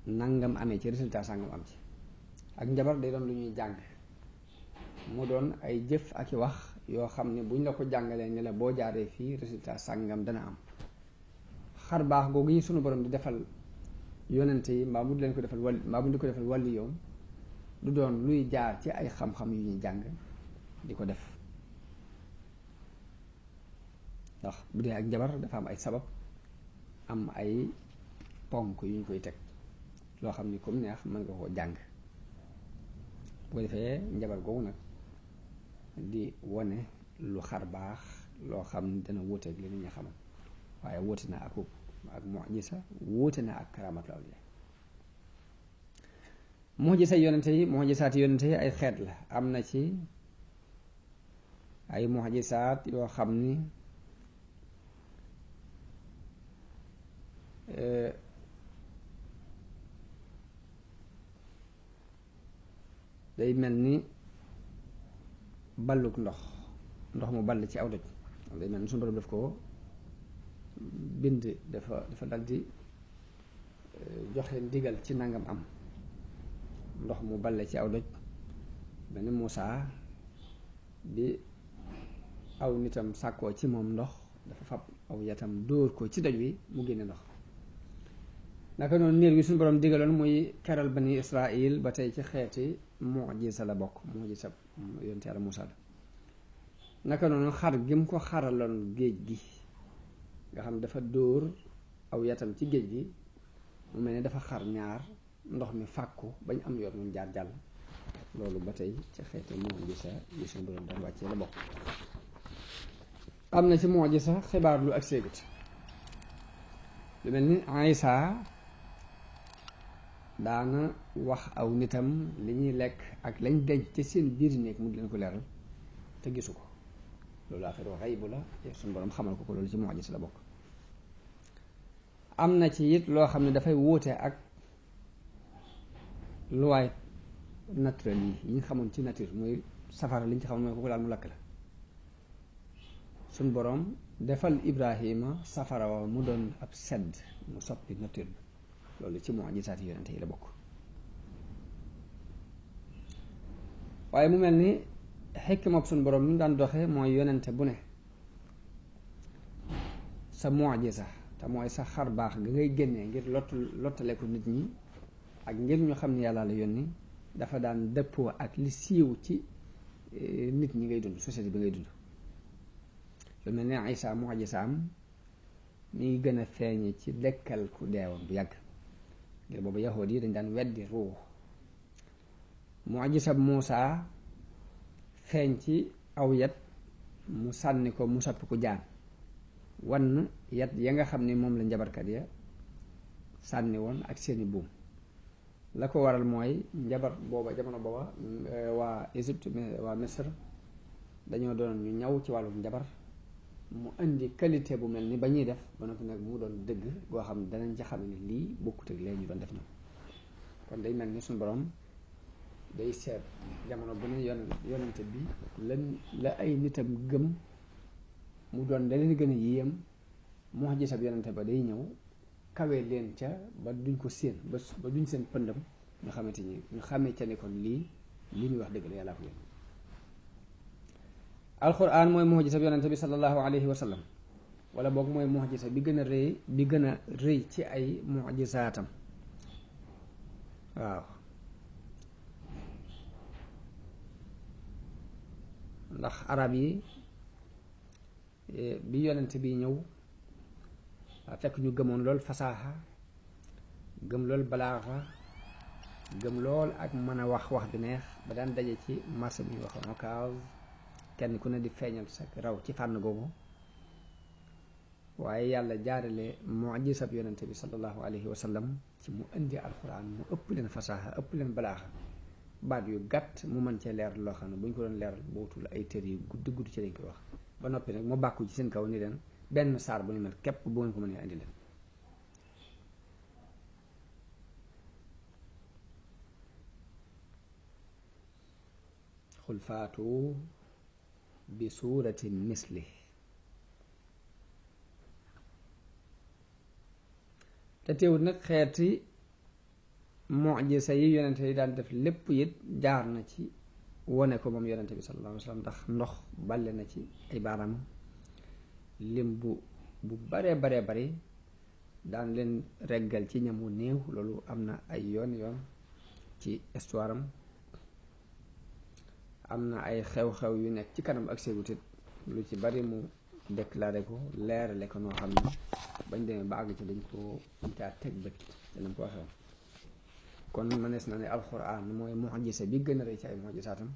nangam amee ci résultat sangam am ci ak njabar day doon lu ñuy jàng mu doon ay jëf ak i wax yoo xam ne buñ la ko jàngalee ne la boo jaaree fii résultat sangam dana am xar baax googu yi sunu borom di defal yonente yi mbaa mu di leen ko defal wàll mbaa mu di ko defal wàllu yoon du doon luy jaar ci ay xam-xam yu ñuy jàng di ko def ndax bu dee ak njabar dafa am ay sabab am ay ponk yu ñu koy teg loo xam ni comme neex mën nga koo jàng bu ko defee njabar googu nag di wone lu xar baax loo xam ni dana wuuteeg li nit ñu xamal waaye wuute na ak ak mu'jiza wuute na ak karamatul awliya moo ji mujisa yonente yi mujisaati yonente yi ay xeet la am na ci ay saat yoo xam ni eh, day mel ni balluk ndox ndox mu bal ci aw doj day mel ni suñu borom daf ko bind dafa dafa dal di eh, joxe digal ci nangam am ndox mu balle ci aw doj benn Muusaa bi aw nitam sàkkoo ci moom ndox dafa fab aw yatam dóor ko ci doj wi mu génne ndox naka noonu niir wi suñu borom digaloon muy keral bani Israil ba tey ci xeeti mujisa la bokk mujisa yonte Yàlla Muusaa la naka noonu xar gi mu ko xaraloon géej gi nga xam dafa dóor aw yatam ci géej gi mu mel ni dafa xar ñaar ndox mi fàkku bañ am yoon muñ jaar jàll loolu ba tey ci xeeti mujisa yi suñu la bokk am na ci mujisa xibaar lu ak séegut lu mel ni Isaa daana wax aw nitam li ñuy lekk ak lañ denc ci seen biir néeg mu leen ko leeral te gisu ko loolu aaxiru xaybu la suñu borom xamal ko ko loolu ci mujisa la bokk am na ci it loo xam ne dafay wuute ak loi naturelle yi yi ñu xamoon ci nature muy safara li ci xamoon mooy kooku laal mu lakk la suñ boroom defal Ibrahima safara wa mu doon ab sedd mu soppi nature bi loolu ci moo jisaati yonente yi la bokk waaye mu mel ni xikma suñ boroom ni mu daan doxee mooy yonente bu ne sa moo sax te mooy sa xar baax nga ngay génnee ngir lott lottaleku nit ñi ak ngir ñu xam ne yàlla la ni dafa daan dëppoo ak li siiw ci e, nit ñi ngay dund société bi ngay dund lu mel ne Isa mu'jisaam mi ngi gën a feeñe ci dekkal ku deewoon bu yàgg ngir boobu yahood yi dañ daan weddi ruux mu'jisab Muusa feeñ ci aw yat mu sànni ko mu soppi ku jaan wann yat ya nga xam ne moom la njabarkat ya sànni woon ak seeni buum la ko waral mooy njabar booba jamono booba eh, waa Égypte waa Misr dañoo doon ñu ñaw ci wàllum njabar mu indi qualité bu mel ni ba ñuy def ba noppi nag mu doon dëgg goo xam ne danañ ci xam ne lii bokkut ak ñu doon def ñoom kon day mel ni suñu borom day seet jamono bu ne yon bi lan la ay nitam gëm mu doon da leen gën a yéem moo gisab yonente ba day ñëw kawe leen ca ba duñ ko séen ba ba duñ seen pëndam ñu xamante ni ñu xamee ca ne kon lii lii muy wax dëgg la yàllaa ko yéen alquran mooy muxjisa bi yonente bi salallahu alayhi wa sallam wala boog bi gën a rëy bi gën a rëy ci ay muxjisaatam waaw ndax arab yi eh, bi yonent bi ñëw waaw fekk ñu gëmoon lool fasaaxa gëm lool balaaxa gëm lool ak mën a wax wax bi neex ba daan daje ci marché bi ñuy wax Ocass kenn ku ne di feeñal sa raw ci fànn googu waaye yàlla jaarale mujisab yonente bi sallallahu alayhi wa sallam ci mu indi alquran mu ëpp leen fasaaxa ëpp leen balaaxa baat yu gàtt mu mën cee leer loo xam ne ko doon leeral bootul ay tër yi gudd gudd ci lañ koy wax ba noppi nag mu bàkku ci seen kaw ni leen benn saar bu ñu mel képp bu ñu ko indi leen xul faatu bi suurati misli te teewut nag xeeti mojisa yi yonente yi daan def lépp it jaar na ci wone ko moom yonente bi sallallahu alayhi wa sallam ndax ndox bale na ci ay baaraamam lim bu bu baree baree bari daan leen reggal ci ñam wu néew loolu am na ay yoon yoon ci histoire am na ay xew-xew yu nekk ci kanam ak ségutit lu ci bari mu deklaare ko leerale ko noo xam ne bañ demee ba àgg ci dañ ko dañ caa teg bët danañ ko waxee kon mënees na ne alxuraan mooy mujisa bi gën a rëy ci ay mujisaatam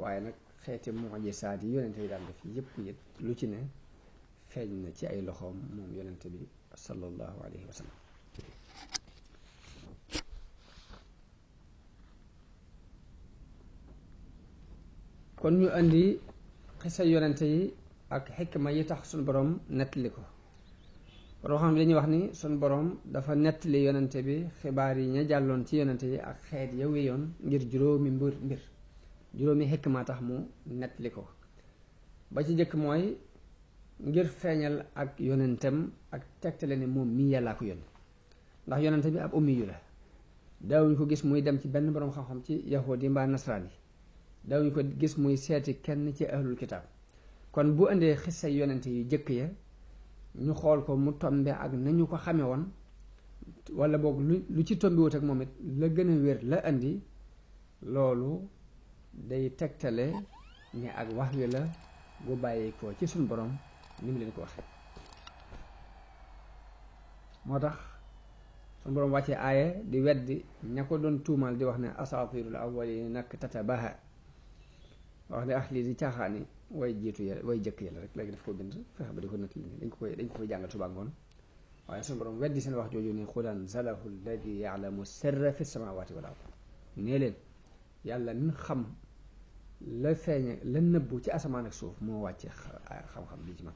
waaye nag xeeti mujisaat yi yonente yi daan def yëpp yëpp lu ci ne feeñ na ci ay loxoom moom yonent bi sallallahu alayhi kon ñu indi xisa yonente yi ak xikma yi tax suñ boroom nettali ko boroom xam dañuy wax ni suñ boroom dafa nettali yonente bi xibaar yi ñu jàlloon ci yonente yi ak xeet ya wéyoon ngir juróomi mbir mbir juróomi xikma tax mu nettali ko ba ci jëkk mooy ngir feeñal ak yonentam ak tegtale ne moom mii yàllaa ko yónni ndax yonente bi ab ummi yu la daawuñu ko gis muy dem ci benn boroom xam-xam ci yahudi mbaa nasraan yi daawuñu ko gis muy seeti kenn ci ahlul kitaab kon bu indee xissa yonente yu jëkk ya ñu xool ko mu tombe ak nañu ko xame woon wala boog lu lu ci tombi ak moom it la gën a wér la indi loolu day tegtale ne ak wax wi la gu bàyyi ko ci sunu boroom ni mu leen ko waxee moo tax suñu boroom wàccee aaya di weddi ña ko doon tuumaal di wax ne asaatirul awwalin nag tatabaha wax ne ah lii di caaxaani way jiitu ya way jëkk yàlla rek léegi daf ko bind fexe ba di ko natt dañ ko koy dañ ko koy jàngal tubaab ngoon waaye suñu boroom weddi seen wax jooju ne qul anzalahu alladi yalamu sirra fi samawati wal ard nee leen yàlla min xam la feeñe la nëbbu ci asamaan ak suuf moo wàcce xam-xam bi ci man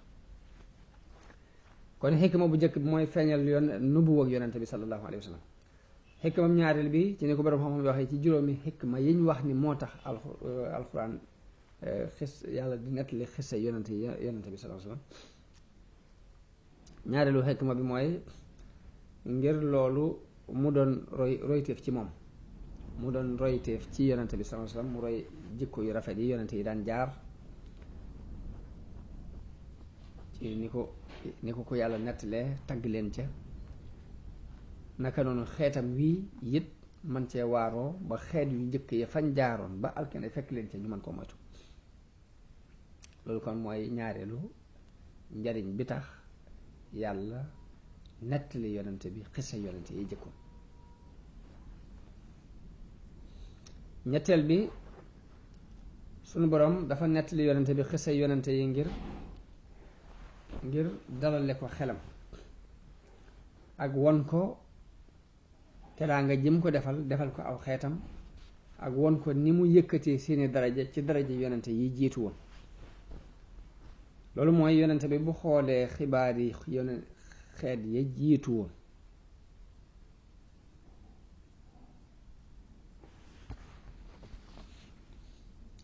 kon xikma bu njëkk bi mooy feeñal yoon nubuwa ak yonente bi sallallahu alayhi wa sallam ñaareel bi ci ni ko borom xam-xam waxee ci juróomi xikma yiñ wax ni moo tax alxu euh, alxuraan euh, xis yàlla di nettali xisse yonente yi yonente bi sallallahu alayhi wa ñaareelu xikma bi mooy ngir loolu mu doon roy royteef ci moom mu doon royteef ci yonente bi sallallahu alayhi wa mu roy jikko yu rafet yi yonente yi daan jaar ci ni ko ni ko ko yàlla nettalee tagg leen ca naka noonu xeetam wii yit man cee waaroo ba xeet yu njëkk ya fañ jaaroon ba alkene fekk leen ca ñu mën ko moytu loolu kon mooy ñaareelu njariñ bi tax yàlla nettali yonente bi xisa yonente yi jëkkoon ñetteel bi sunu borom dafa nettali yonente bi xisa yonente yi ngir ngir dalale ko xelam ak won ko nga jëm ko defal defal ko aw xeetam ak won ko ni mu yëkkatee seeni daraja ci daraja yonente yi jiitu woon loolu mooy yonente bi bu xoolee xibaar yi yone xeet yi jiitu woon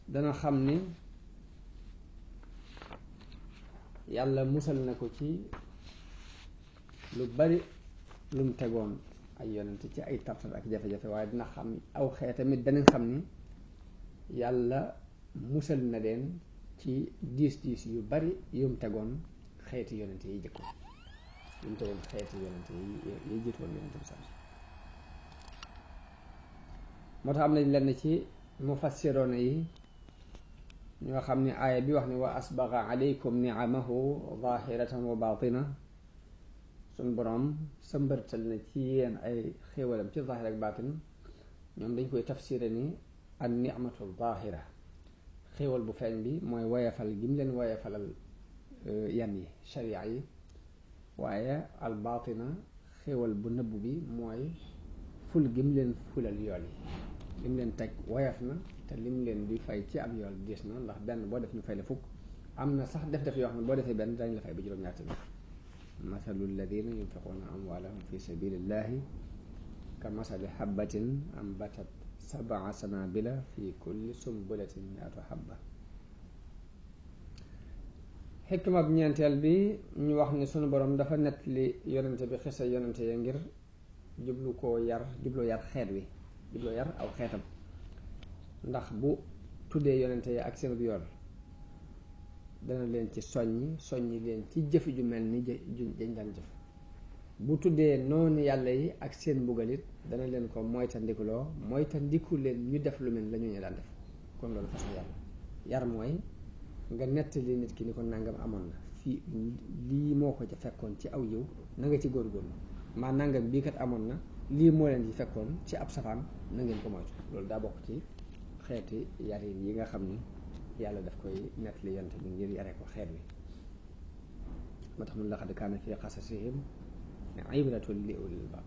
dana xam ni yàlla musal na ko ci lu bari lu mu tegoon ay yonent ci ay tartar ak jafe-jafe waaye dina xam aw xee tamit danañ xam ni yàlla musal na leen ci diis diis yu bari yu mu tegoon xeeti yonent yi jëkkoon yu mu tegoon xeeti yonent yi yi jiitoon yonent bi sax moo tax am nañ lenn ci mufassiroona yi ñoo xam ne aaya bi wax ne wa asbaga aleykum niamahu zahiratan wa batina suñ boroom sëmbërtal na ci yéen ay xéewalam ci zahir ak batin ñoom dañ koy tafsire ni an ni'matu zahira xéewal bu feeñ bi mooy woyefal gi mu leen woyefalal euh, yan yi sharia yi waaye al batina xéewal bu nëbb bi mooy ful gi mu leen fulal yool yi lim leen teg woyof na te lim leen di fay ci am yoon gis na ndax benn boo def ñu fay la fukk am na sax def-def yoo xam ne boo defee benn dañ la fay ba juróom-ñaar tamit masalu alladina yunfiquuna amwalahum fi sabilillahi ka masali habatin ambatat sabaa sanabila fi kulli sumbulatin miatu habba xikma bu ñeenteel bi ñu wax ne sunu borom dafa nettali yonente bi xisa yonente ya ngir jublu koo yar jublu yar xeet wi jubloo yar aw xeetam ndax bu tuddee yonente yi ak seen yoon dana leen ci soññi soññi leen ci jëf ju mel ni dañ daan jëf bu tuddee noonu yàlla yi ak seen mbugal it dana leen ko moytandikuloo moytandiku leen ñu def lu mel la ñu ñu def kon loolu façon yàlla yar mooy nga nettali nit ki ni ko nangam amoon na fii lii moo ko ca fekkoon ci aw yiw na nga ci góorgóorlu maa nangam bii kat amoon na lii moo leen di fekkoon ci ab safaan nangeen ngeen ko moytu loolu daa bokk ci xeeti yarin yi nga xam ni yàlla daf koy nettali yonent bi ngir yare ko xeet wi moo tax mun laqad kaana fi qasasihim ibratun li ulil albab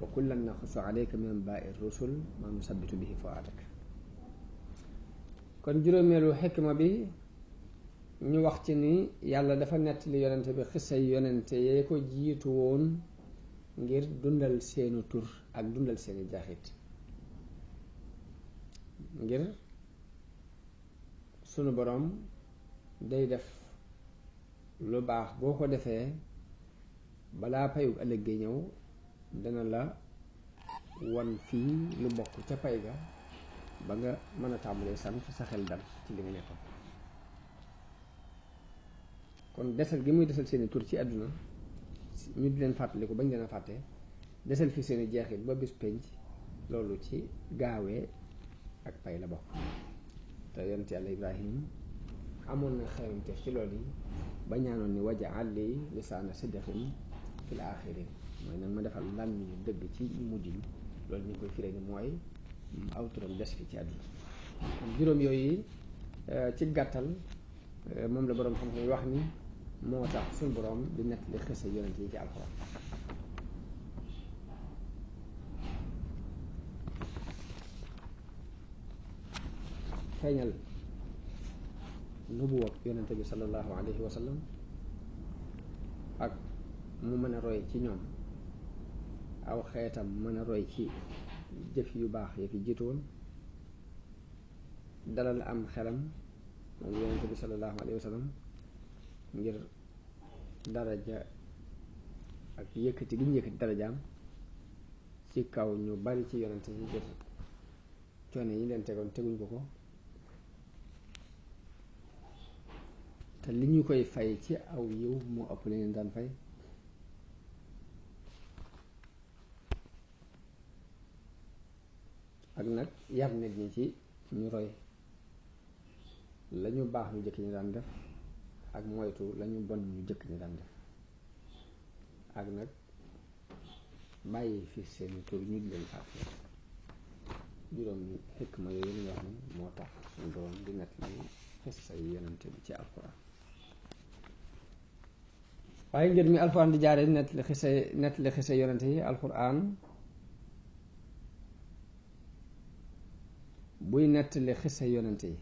wa kullan naxusu alayka min anbaai rusul ma nusabbitu bihi fuaadak kon juróomeelu xikma bi ñu wax ci ni yàlla dafa nettali yonent bi xisa yi yonent yee ko jiitu woon ngir dundal seenu tur ak dundal seeni jaaxit ngir sunu boroom day def lu baax boo ko defee balaa payu ëllëg gi ñëw dana la wan fii lu bokk ca pay ga ba nga mën a tàmbalee sant sa xel dal ci li nga nekkoon kon desal gi muy desal seeni tur ci àdduna ñu di leen fàttaliku bañ leen a fàtte desal fi seeni jeexit ba bis penc loolu ci gaawee ak pay la bokk te yonent yàlla ibrahim amoon na xewanteef ci loolu yi ba ñaanoon ni wajaal li lisaana sidqin fil aaxirin mooy nag ma defal làmmiñu dëgg ci mujj yi loolu ñu koy firee ni mooy aw turam des fi ci àdduna juróom yooyu eh, ci gàttal eh, moom la boroom xam-xam wax ni moo tax suñ boroom di nett li xisa yonent yi ci alxuraan feeñal nubuwa yonent bi sallallahu alayhi wa ak mu mën a roy ci ñoom aw xeetam mën a roy ci jëf yu baax ya fi jiitu woon dalal am xelam moom yonent bi sallallahu alayhi wa ngir daraja ak yëkkati gi ñu yëkkati darajaam ci kaw ñu bari ci yonente yi jot coono yi leen tegoon teguñ ko ko te li ñu koy fay ci aw yiw moo ëpp li leen daan fay ak nag yar nit ñi ci ñu roy lañu baax ñu jëkk ñu daan def ak moytu lañu bon ñu jëkk ñu daan ak nag bàyyi fi seen tur ñu di leen fàtte juróom ñu xëkk ma yooyu ñu wax moo tax suñu borom di nett li xissa yi bi ci alxuraan waaye njër mi alxuraan di jaare nett li xissa nett li xissa yonante yi alxuraan buy nett li xissa yonante yi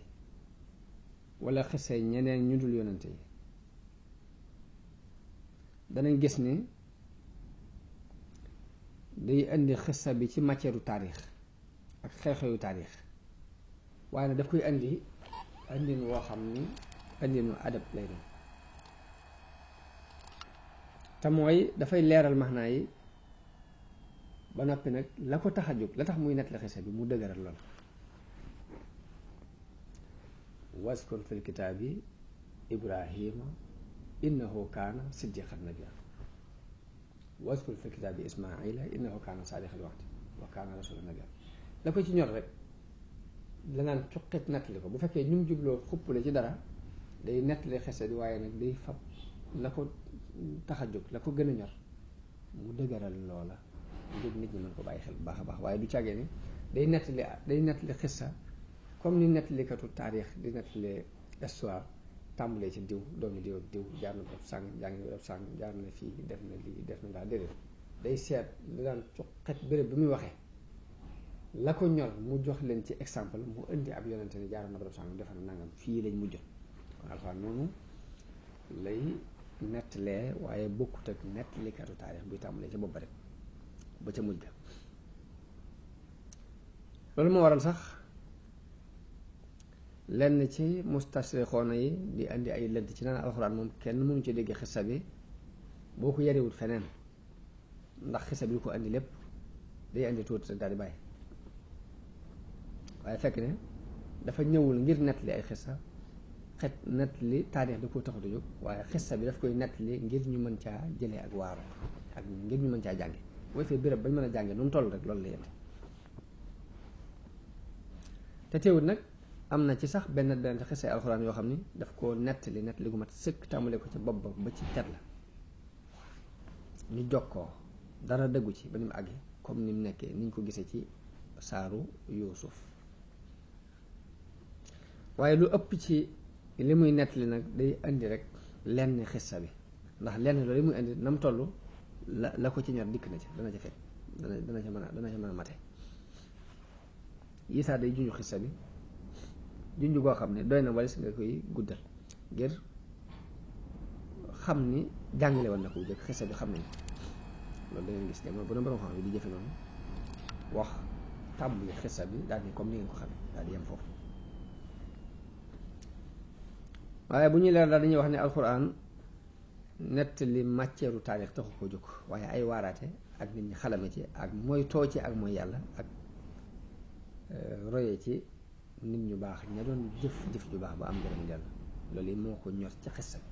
walla xise ñeneen ñu dul yonante yi danañ gis ni day indi xissa bi ci matièru taarix ak xew-xewu taarix waaye nag daf koy indi indin woo xam ni indinu adab lay doon te mooy dafay leeral maxnaa yi ba noppi nag la ko tax a jóg la tax muy nettali xissa bi mu dëgëral lool waskun fil kitaabi ibrahima innahu kaana siddiqan nabiyya waskun fil kitaabi ismaila innahu kaana saalixal waxti wa kaana rasulan nabiyya la ko ci ñor rek danaan cuqit nettali ko bu fekkee ñu jubloo xuppale ci dara day nettali xese bi waaye nag day fab la ko tax jóg la ko gën a ñor mu dëgëral loola jóg nit ñi mën ko bàyyi xel bu baax a baax waaye du càggee ni day nettali day nettali xissa comme ni nettalikatu taarix di nettalee histoire tàmbalee ci diw doomu diw ak diw jaar na bopp sàng jaar na bopp sàng jaar na fii def na lii def na daa déedéet day seet lu daan cuqet béréb bi muy waxee la ko ñor mu jox leen ci exemple mu indi ab yonente ne jaar na bopp sàng defar na nangam fii lañ mujj kon noonu lay nettalee waaye bokkut ak nettalikatu taarix buy tàmbalee ci bopp ba rek ba ca mujj loolu moo waral sax lenn ci mustashrixoona yi di indi ay lënt ci naan alxuraan moom kenn mu mënu ci dégg xisa bi boo ko yarewul feneen ndax xisa bi ko indi lépp day andi tuuti rek daal di bàyyi waaye fekk ne dafa ñëwul ngir nettali ay xisa xet nettali taarix da ko taxut a jóg waaye xisa bi daf koy nettali ngir ñu mën caa jëlee ak waaru ak ngir ñu mën caa jànge boo fee béréb bañ mën a jànge nu mu rek loolu la yem te teewul nag am na ci sax benn benn xese alxuraan yoo xam ni daf koo nettali nettali gu mat sëkk tàmbale ko ca bopp ba ba ci tet la ñu jokkoo dara dëggu ci ba ni mu àggee comme ni mu nekkee ni ñu ko gisee ci saaru yuusuf waaye lu ëpp ci li muy nettali nag day indi rek lenn xissa bi ndax lenn loolu li muy indi na mu toll la la ko ci ñor dikk na ci dana ca fekk dana dana ca mën a dana ca mën a day juñu xissa bi junj koo xam ne doy na walis nga koy guddal ngir xam ni jàngale woon na ko jëkk xisa bi xam nañ loolu da gis jamono bu na borom xam ne di jëfe noonu wax bi daal comme ni ko xamee yem foofu waaye bu ñuy leer daal dañuy wax ni alxuraan nett li u taarix taxu ko jóg waaye ay waaraate ak nit ñi xalame ci ak mooy too ci ak mooy yàlla ak euh, roye ci nit ñu baax ña doon jëf jëf ju baax ba am ngërëm yàlla loolu yi moo ko ñor ci xissa bi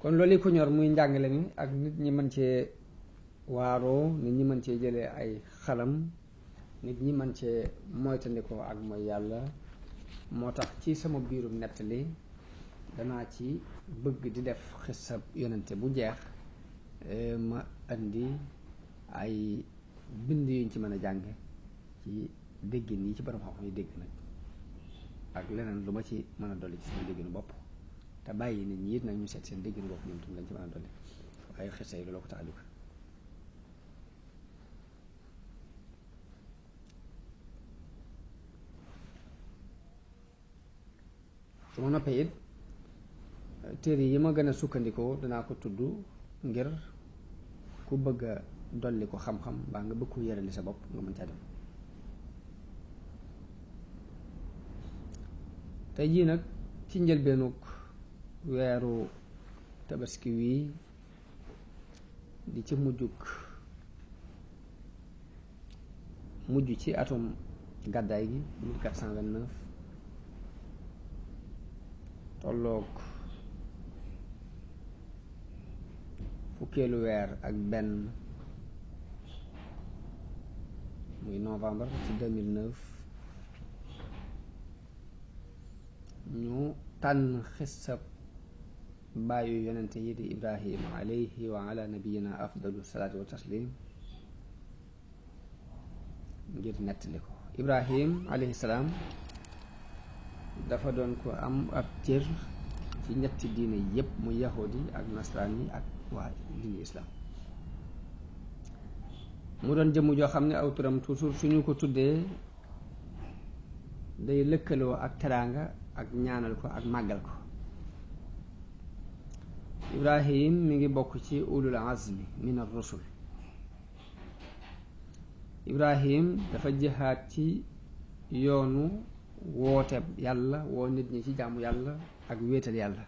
kon loolu yi ko ñor muy njàngale mi ak nit ñi mën cee waaroo nit ñi mën cee jëlee ay xalam nit ñi mën cee moytandikoo ak mooy yàlla moo tax ci sama biirum nettali danaa ci bëgg di def xisab yonente bu jeex e, ma indi ay bind yuñ ci mën a jàng ci déggin yi ci borom xam-xam yi dégg nag ak leneen lu ma ci mën a dolli ci sama dégginu bopp te bàyyi nit ñi it nag ñu seet seen dégginu bopp ñoom tam lañ ci mën a dolli waaye xisa yi loolu ko tax a jóg su ma noppee it téere yi ma gën a sukkandikoo danaa ko tudd ngir ku bëgg a dolli ko xam-xam mbaa nga bëgg ko yërali sa bopp nga mën caa dem tey jii nag ci njëlbeenuk weeru tabaski wii di ci mujjuk mujj ci atum gàddaay gi 1429 tolloog fukkeelu weer ak benn muy novembre ci 2009 ñu tànn xisab bàyyu yonente yi di ibrahim alayhi wa ala nabiyina afdalu salaatu wa taslim ngir nettali ko ibrahim alayhi salaam dafa doon ko am ab cër ci ñetti diine yépp mu yahudi ak nasraan yi ak waa diine islaam mu doon jëmm joo xam ne aw turam toujours suñu ko tuddee day lëkkaloo ak teraanga ak ñaanal ko ak màggal ko ibrahim mi ngi bokk ci ulul azmi min ar rusul ibrahim dafa jihaat ci yoonu woote yàlla woo nit ñi ci jaamu yàlla ak wéetal yàlla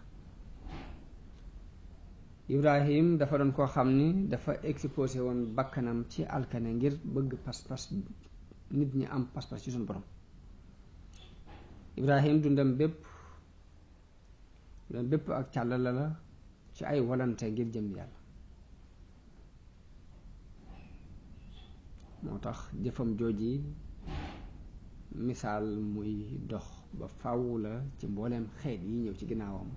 ibrahim dafa doon koo xam ni dafa exposé woon bakkanam ci alkane ngir bëgg pas-pas nit ñi am pas-pas ci suñu borom ibrahim dundam bépp dundam bépp ak càllala la ci ay walante ngir jëm yàlla moo tax jëfam jooji misaal muy dox ba faw la ci mbooleem xeet yi ñëw ci ginnaawam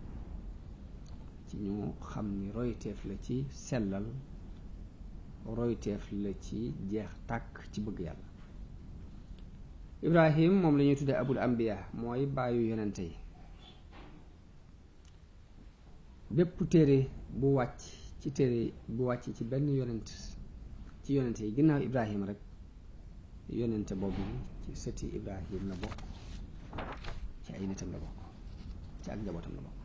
ci ñu xam ni royteef la ci sellal royteef la ci jeex tàkk ci bëgg yàlla ibrahim moom lañuy tuddee abul ambiya mooy bàyyu yonente yi bépp téere bu wàcc ci téere bu wàcc ci benn yonent ci yonente yi ginnaaw ibrahim rek yonente boobu ci sëti Ibrahim la bokk ci ay nitam la bokk ci ak njabootam la bokk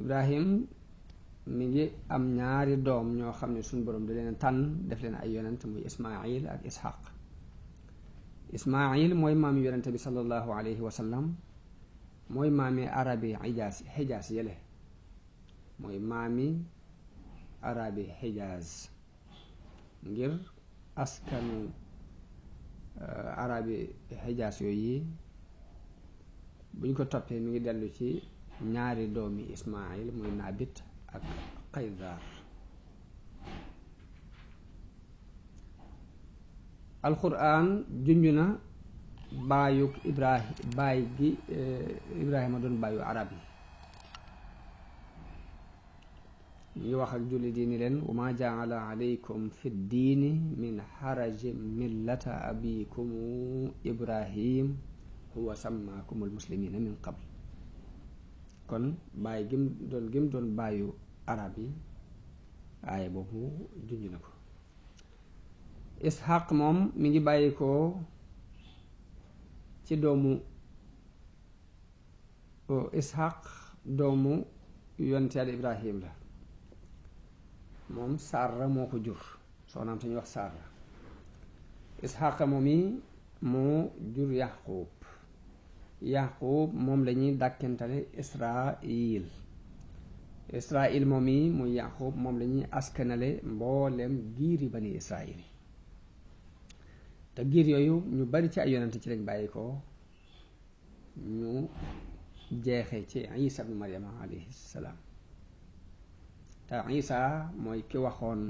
Ibrahim mi ngi am ñaari doom ñoo xam ne suñu borom da leen tànn def leen ay yonent muy Ismail ak Ishaq Ismail mooy maami yonente bi sallallahu alayhi wa mooy maami arabi Hijaas Hijaas yële mooy maami arabi xijaaz ngir askanu uh, arabi xijaaz yooyu buñ ko toppee mu ngi dellu ci ñaari doomi ismail muy naabit ak qaydar alquran junj na baayug ibrahim baay gi uh, ibrahima doon baayu arab yi ñuy wax ak jullit yi ni leen wa ma jaala aleykum fi diini min xaraji millata abikum ibrahim huwa sammaakumul muslimina min qabl kon bàyyi gim doon gim doon bàyyu arab yi aaya boobu junj na ko ishaq moom mi ngi bàyyi ko ci doomu oh, ishaq doomu yonte al ibrahim la moom Sarra moo ko jur soxnaam suñuy wax Sarra Isxaqa moom yi moo jur Yaxuub Yaxuub moom lañuy dàkkentale Israil Israil moom yi muy Yaxuub moom lañuy askanale mboolem giiri bani Israil yi te giir yooyu ñu bari ci ay yonent ci lañ bàyyi ko ñu jeexee ci Isa ibnu Maryama alayhi te isa mooy ki waxoon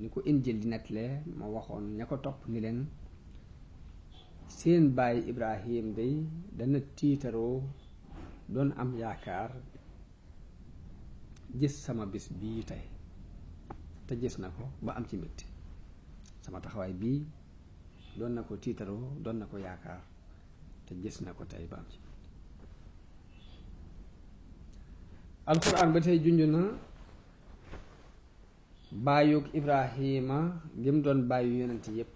ni ko injil di nettalee moo waxoon ña ko topp ni leen seen baay ibrahim day dana tiitaroo doon am yaakaar gis sama bis bii tey te gis na ko ba am ci métti sama taxawaay bii doon na ko tiitaroo doon na ko yaakaar te gis na ko tey ba am ci alquran ba tey junj na bàyyug ibrahima gi mu doon bàyyu yonent yépp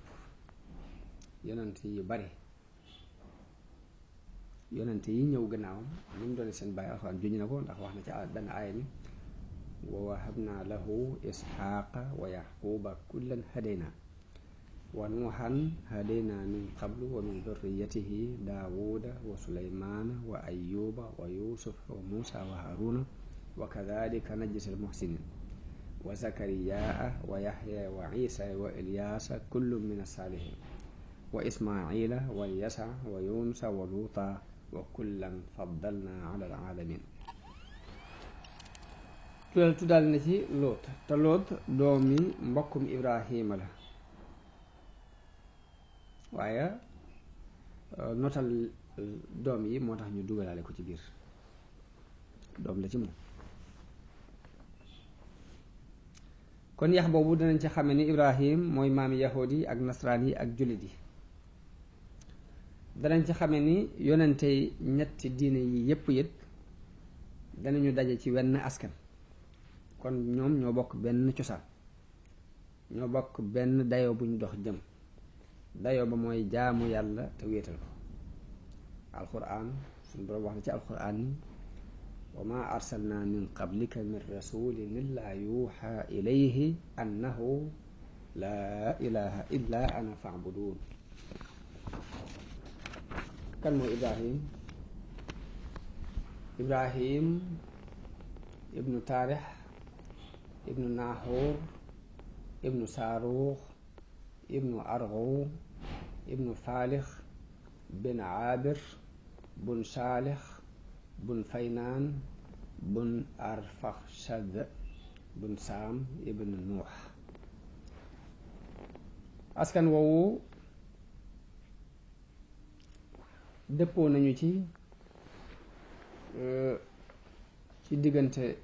yonent yu bari yonent yi ñëw gannaawam ni mu doon seen bàyyi alquran junj na ko ndax wax na ci benn aaya ni wa wahabna lahu isxaaqa wa yaxquba kullan hadayna wa nuuxan hadayna min qablu wa min durriyatihi wa suleymaana wa ayuba wa yuusuf wa muusa wa haaruna wa kadalika najzil muhsinin wa zakariyaa wa yaxya wa isa wa ilyaasa kullu min asaalihin wa ismaila wa yasa wa yunusa luuta wa kullan faddalna ala alaalamin tuleel tuddaal na ci lóot doomi mbokkum ibrahima waaye euh, notal euh, doom moo tax ñu dugalaale ko ci biir kon yax boobu danañ ci xame ni ibrahim mooy maam yahud yi ak nasraan yi ak jullit yi danañ ci xame ni yonente ñetti diine yi yépp yët danañu daje ci wenn askan kon ñoom ñoo bokk benn cosaan ñoo bokk benn dayo bu ñu dox jëm dayo ba mooy jaamu yàlla te wéetal ko alquran suñu borom wax na ci alquran ni wa ma arsalna min qablika min rasulin illa yuha ilayhi annahu laa ilaha illa ana fa'budun kan mooy ibrahim ibrahim ibnu taarix ibnu naaxuur ibnu saaruux ibnu arxu ibnu faalix bin aabir bun saalix bun faynaan bun arfaxshad bun saam ibn nuux askan woowu dëppoo nañu ci euh, ci diggante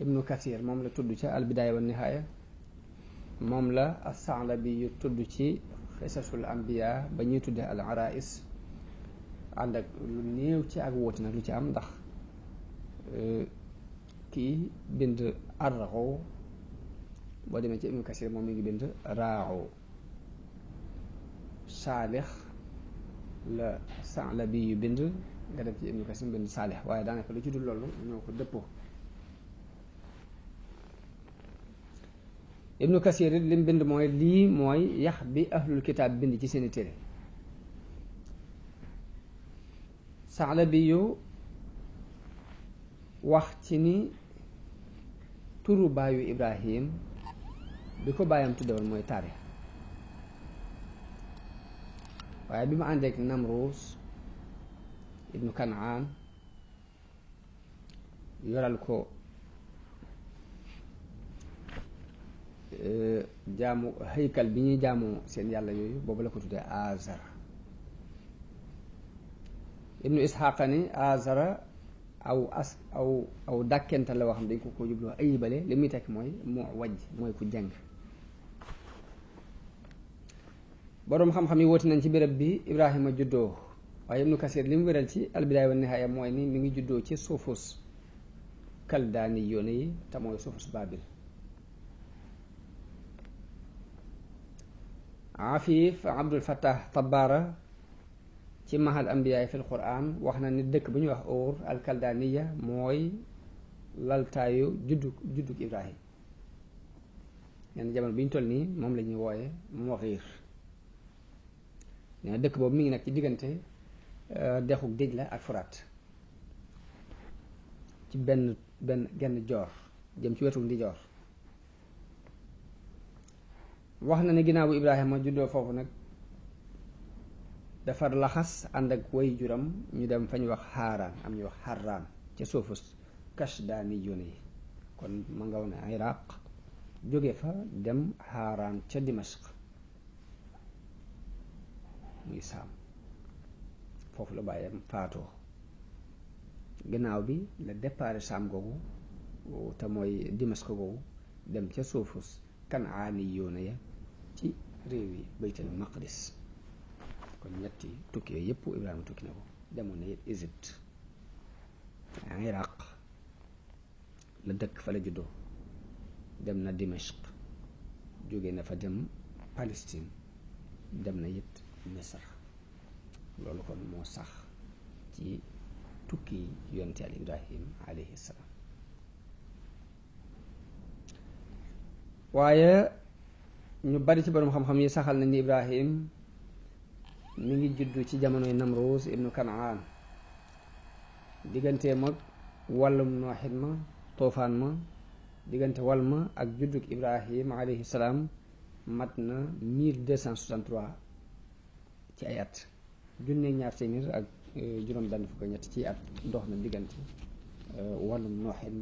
ibnu kasir moom la tudd ca albidaaya wa nihaaya moom la assaalabi yu tudd ci xisasul ambiya ba ñuy tudde al arais ànd ak lu néew ci ak wóote nag lu ci am ndax euh, kii bind arraxoo boo demee ci Ibnu moom mi ngi bind raaxoo saalix la la bi bind nga dem ci Ibnu bind saalix waaye daanaka lu ci dul loolu ñoo ko dëppoo Ibnu li bind mooy lii mooy yax bi ahlul kitaab bind ci seeni téere bi saalabiyu wax ci ni turu baayu ibrahim bi ko baayam tuddewoon mooy taarix waaye bi mu àndeek namruus ibnu kanaan yoral ko eh, jaamu haykal bi ñuy jaamu seen yàlla yooyu boobu la ko tuddee azar ibnu isxaqa ni azara aw as aw aw dàkkente la woo xam dañ ko ko jubloo ayibale li muy tekki mooy mu wajj mooy ku jàng boroom xam-xam yi wóoti nañ ci béréb bi ibrahima juddoo waaye ibnu kasir li mu wéral ci albidaaya wa nihaaya mooy ni mi ngi juddoo ci suufus kaldaani yoone yi te mooy suufus baabil afif abdul fattah tabbaara ci mahal ambiyaay fil quran wax na ni dëkk bu ñuy wax óor alkaldaniya mooy laltaayu juddug juddug ibrahim yenn jamono bi ñu toll nii moom la ñuy wooye Moghir nee na dëkk boobu mi ngi nag ci diggante euh, dexuk déj la ak Furaat ci benn benn genn joor jëm ci wetu ndijoor wax na ni ginnaaw Ibrahima juddoo foofu nag defar laxas ànd ak way juram ñu dem fa ñu wax xaaraan am ñu wax xaraan ca suufus kashdaani yoon yi kon ma nga woon iraq jóge fa dem xaaraan ca dimashq muy saam foofu la bàyyam faatoo gannaaw bi la départ saam googu te mooy dimashq googu dem ca suufus kanaani yoon ya ci réew yi baytal maqdis kon tukki yooyu yëpp Ibrahima tukki na ko demoon na it Égypte Iraq la dëkk fa la juddoo dem na Dimashq jóge na fa dem Palestine dem na it Misr loolu kon moo sax ci tukki yonte al Ibrahim alayhi waaye ñu bari ci borom xam-xam yi saxal nañ ni Ibrahim mi ngi juddu ci jamonoy Namruus ibnu Kanaan diggante mag wàllum nooxit ma toofaan ma diggante wal ma ak juddug Ibrahim alayhi salaam mat na 1263 ci ay at junne ñaar téeméer e, ci at dox diggante e, wàllum nooxit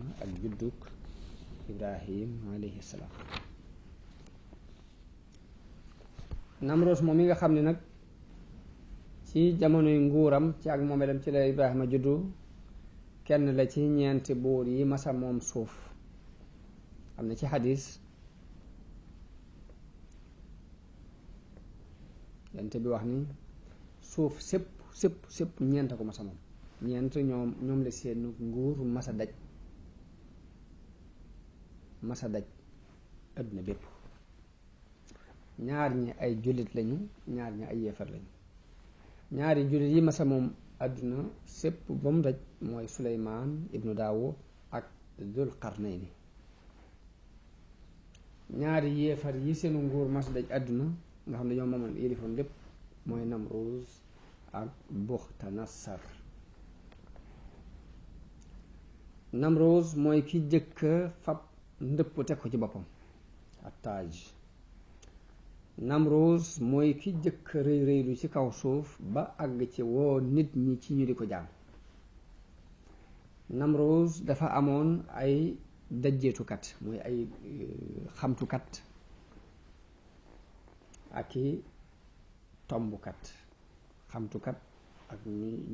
moom mi nga xam ne nag ci jamonoy nguuram ci ak moomeelam ci la Ibrahima juddu kenn la ci ñeent buur yi masa moom suuf am na ci xadis yante bi wax ni suuf sépp sépp sépp ñeent ko masa moom ñeent ñoom ñoom la seen nguur masa daj masa daj àdduna bépp ñaar ñi ay jullit lañu ñaar ñi ay yéefar lañu ñaari jullit yi masa moom àdduna sépp ba mu daj mooy suleymaan ibnu daawud ak dul qarnayni ñaari yéefar yi seenu nguur mas daj àdduna nga xam ne ñoom moomoon yilifoon lépp mooy namruus ak buxtanassar namruus mooy ki jëkka fab ndëpp teg ko ci boppam ak taaj namruus mooy ki jëkk rëy rëylu ci kaw suuf ba àgg ci woo nit ñi ci ñu di ko jàmm namruus dafa amoon ay dajjeetukat mooy ay euh, xamtukat ak i tombkat xamtukat ak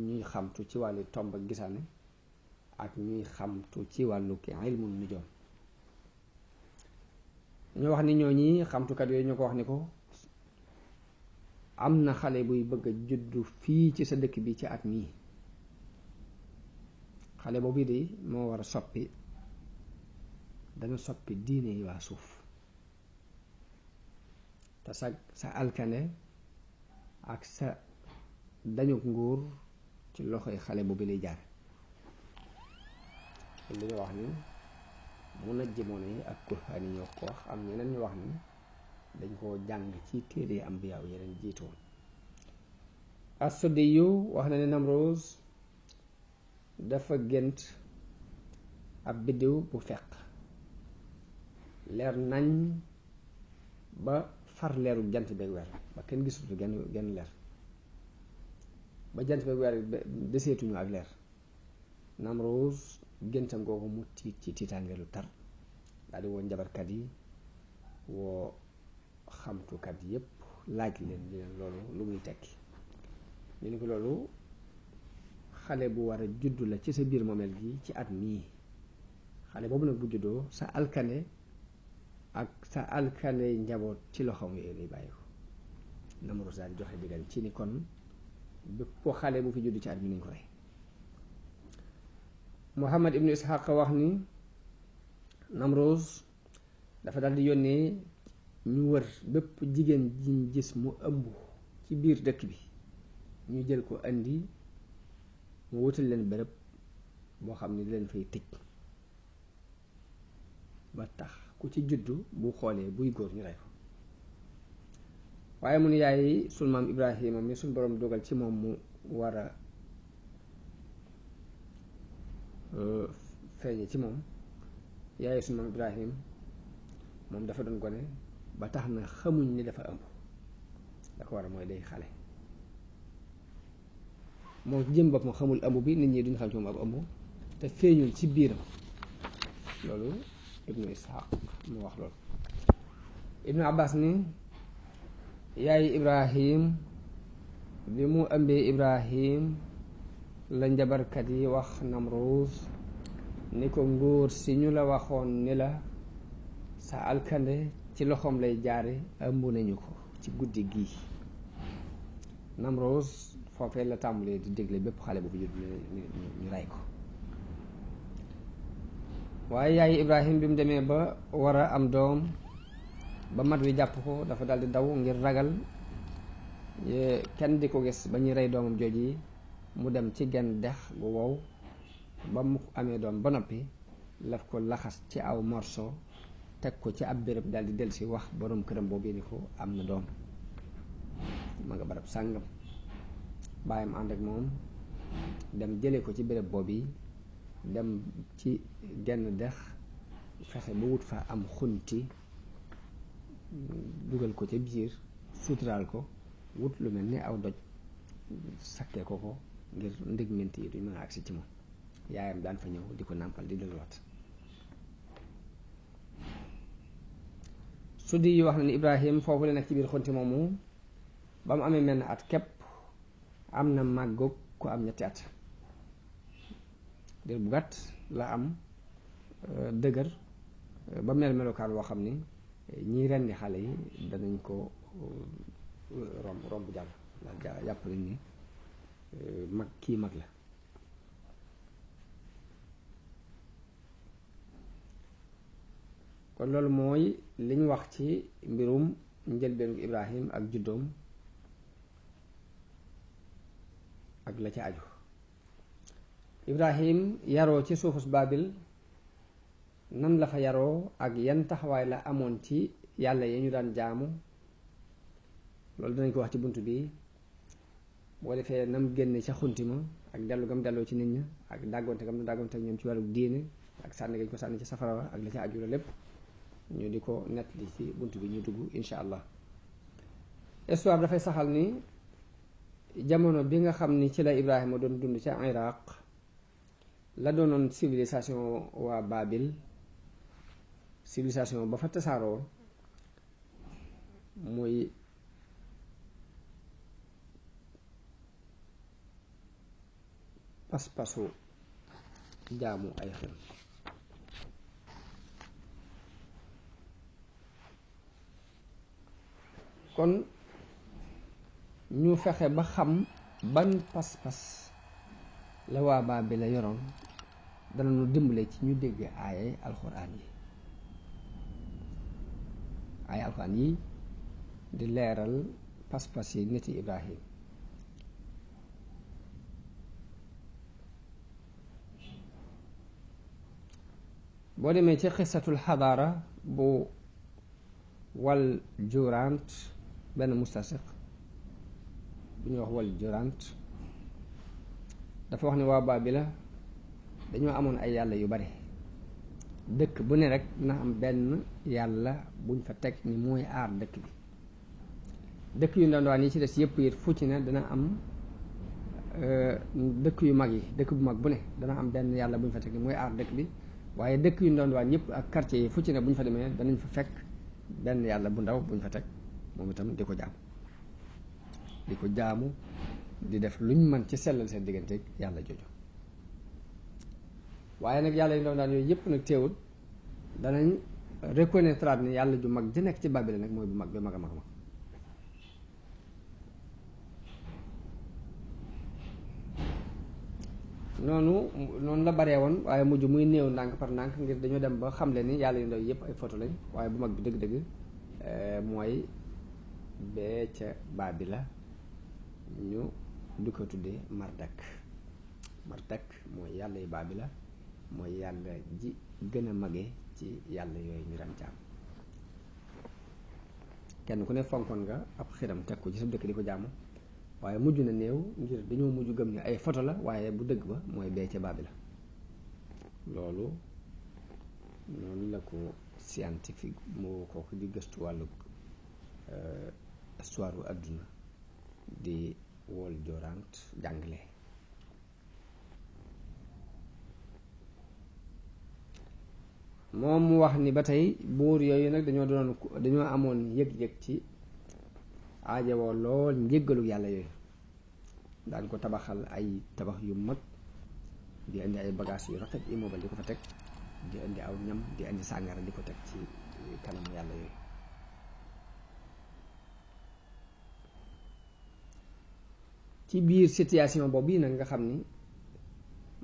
ñuy xamtu ci wàllu tomb ak gisaane ak ñuy xamtu ci wàllu ki ilmu nujoom ñu wax ni ñoo ñi xamtukat yooyu ñoo ko wax ni ko am na xale buy bëgg a juddu fii ci sa dëkk bi ci at mii xale boobu de moo war a soppi dañu soppi diine waa suuf te sa sa alkane ak sa dañuk nguur ci loxoy xale boobu lay jaar li wax ni mun a jimono yi ak kurhaan yi ñoo ko wax am ñeneen ñu wax ni dañ koo jàng ci téere ambiyaaw yeneen jiitoon asodi yu wax na ne Namroos dafa gént ab biddiw bu fekk leer nañ ba far leeru jant beeg weer ba kenn gisutu genn leer ba jant beeg weer deseetuñu ak leer Namroos géntam googu mu tiit ci tiitaange lu tar daal woo njabarkat yi woo xamtukat yépp laaj leen di leen loolu lu muy tekki ñu ni ko loolu xale bu war a juddu la ci sa biir moomeel gi ci at nii xale boobu nag bu juddoo sa alkane ak sa alkane njaboot ci loxom yooyu lay bàyyi ko Namruus daal di joxe digal ci ni kon bépp xale bu fi juddu ci at mi nañ ko rey Muhammad ibnu Ishaq wax ni Namroos dafa dal di yónnee ñu wër bépp jigéen jiñ gis mu ëmb ci biir dëkk bi ñu jël ko indi mu wutal leen bërëb boo xam ne di leen fay tëj ba tax ku ci juddu bu xoolee buy góor ñu rey ko waaye mu ne yaay sulmaam Ibrahima mi suñ borom dogal ci moom mu wara feeñe ci moom yaayu suñu maam Ibrahim moom dafa doon gone ba tax na xamuñ ni dafa ëmb da ko war a mooy day xale moom jëm boppam xamul ëmb bi nit ñi duñ xam ci moom ab ëmb te feeñul ci biiram loolu ibnu Ishaq mu wax loolu ibnu Abbas ni yaayu Ibrahim bi mu ëmbee Ibrahim la njabarkat yi wax Namruus ni ko nguur si ñu la waxoon ni la sa alkande ci loxoom lay jaare ëmb nañu ko ci guddi gii Namruus foofee la tàmbulee di dégle bépp xale boobu jur ñu rey ko waaye yaayu Ibrahim bi mu demee ba war a am doom ba mat wi jàpp ko dafa daldi daw ngir ragal kenn di ko gis ba ñuy rey doomam yi mu dem ci genn dex gu wow ba mu amee doom ba noppi laf ko laxas ci aw morso teg ko ci ab bërëb dal di si wax borom këram boobu ni ko am na doom ma nga barab sàngam bàyyam ànd ak moom dem jële ko ci béréb boobu dem ci genn dex fexe ba wut fa am xunti dugal ko ci biir suturaal ko wut lu mel ni aw doj sakke ko ko ngir ndégment yi duñ mën a agsi ci moom yaayam daan fa ñëw di ko nàmpal di dégluwaat su di yu wax na ni Ibrahim foofu la nekk ci biir xonti moomu ba mu amee menn at képp am na màggoog ku am ñetti at dir bu gàtt la am euh, dëgër euh, ba mel melokaan woo xam ni ñiy rendi xale yi danañ ko euh, romb romb jàll ndax jàpp nañ ni Euh, mag kii mag la kon loolu mooy liñ wax ci mbirum njëlbeenu Ibrahim ak juddoom ak la ca aju Ibrahim yaroo ci suufus Baabil nan la fa yaroo ak yan taxawaay la amoon ci yàlla yi ñu daan jaamu loolu dinañ ko wax ci bunt bi boo defee nam génne ca xunti ma ak dellu gam delloo ci nit ña ak dàggoonte gam dàggoonte ak ñoom ci wàllu diine ak sànni gañ ko sànni ci safara wa ak la ca aju la lépp ñu di ko nett li ci bunt bi ñu dugg incha allah histoire dafay saxal ni jamono bi nga xam ni ci la Ibrahima doon dund ca Iraq la doonoon civilisation waa Babil civilisation ba fa tasaaroo muy pas-pasu jaamu ay xel kon ñu fexe ba xam ban pas-pas la waa baa bi la yoroon danañu dimbale ci ñu dégg aaye alxuraan yi aaye alxuraan yi di leeral pas-pas yi nit yi Ibrahim boo demee ci xisatul xadaara bu wal jurant benn mustasiq bu ñuy wax wal jurant dafa wax ne waa Baabila dañoo amoon ay yàlla yu bari dëkk bu ne rek dina am benn yàlla buñ fa teg ni mooy aar dëkk bi dëkk yu ndondowaan yi ci des yëpp yit fu ci ne dana am euh, dëkk yu mag yi dëkk bu mag bu ne dana am benn yàlla buñ fa teg ni mooy aar dëkk bi waaye dëkk yu ñu doon waan ñëpp ak quartier yi fu ci ne bu ñu fa demee danañ fa fekk benn yàlla bu ndaw bu ñu fa teg moom itam di ko jaamu di ko jaamu di def luñ mën ci sellal seen diggante yàlla jooju waaye nag yàlla yu doon daan yooyu yëpp nag teewul danañ reconnaître ni yàlla ju mag ji nekk ci Babel nag mooy bu mag bi mag a mag a mag noonu noonu la baree woon waaye mujj muy néew ndànk par ndànk ngir dañoo dem ba xamle ni yàlla yu ndaw yëpp ay photo lañ waaye bu mag bi dëgg-dëgg eh, mooy bee ca baa bi la ñu du ko tuddee mardak mardak mooy yàlla yu baa bi la mooy yàlla ji gën a mage ci yàlla yooyu ñu daan kenn ku ne fonkoon nga ab xiram teg ko ci sa dëkk di ko jaamu waaye mujj na néew ngir dañoo mujj gëm ne ay foto la waaye bu dëgg ba mooy bee ca baabi la loolu noonu la ko scientifique moo kooku di gëstu euh, di Wall Durant moom mu wax ni ba tey buur yooyu nag dañoo doon dañoo amoon yëg-yëg ci aajawoo lool njéggalu yàlla yooyu daan ko tabaxal ay tabax yu mag di indi ay bagages yu rafet immeuble di ko fa teg di indi aw ñam di indi sàngara di ko teg ci kanamu ci biir situation boobu yi nag nga xam ni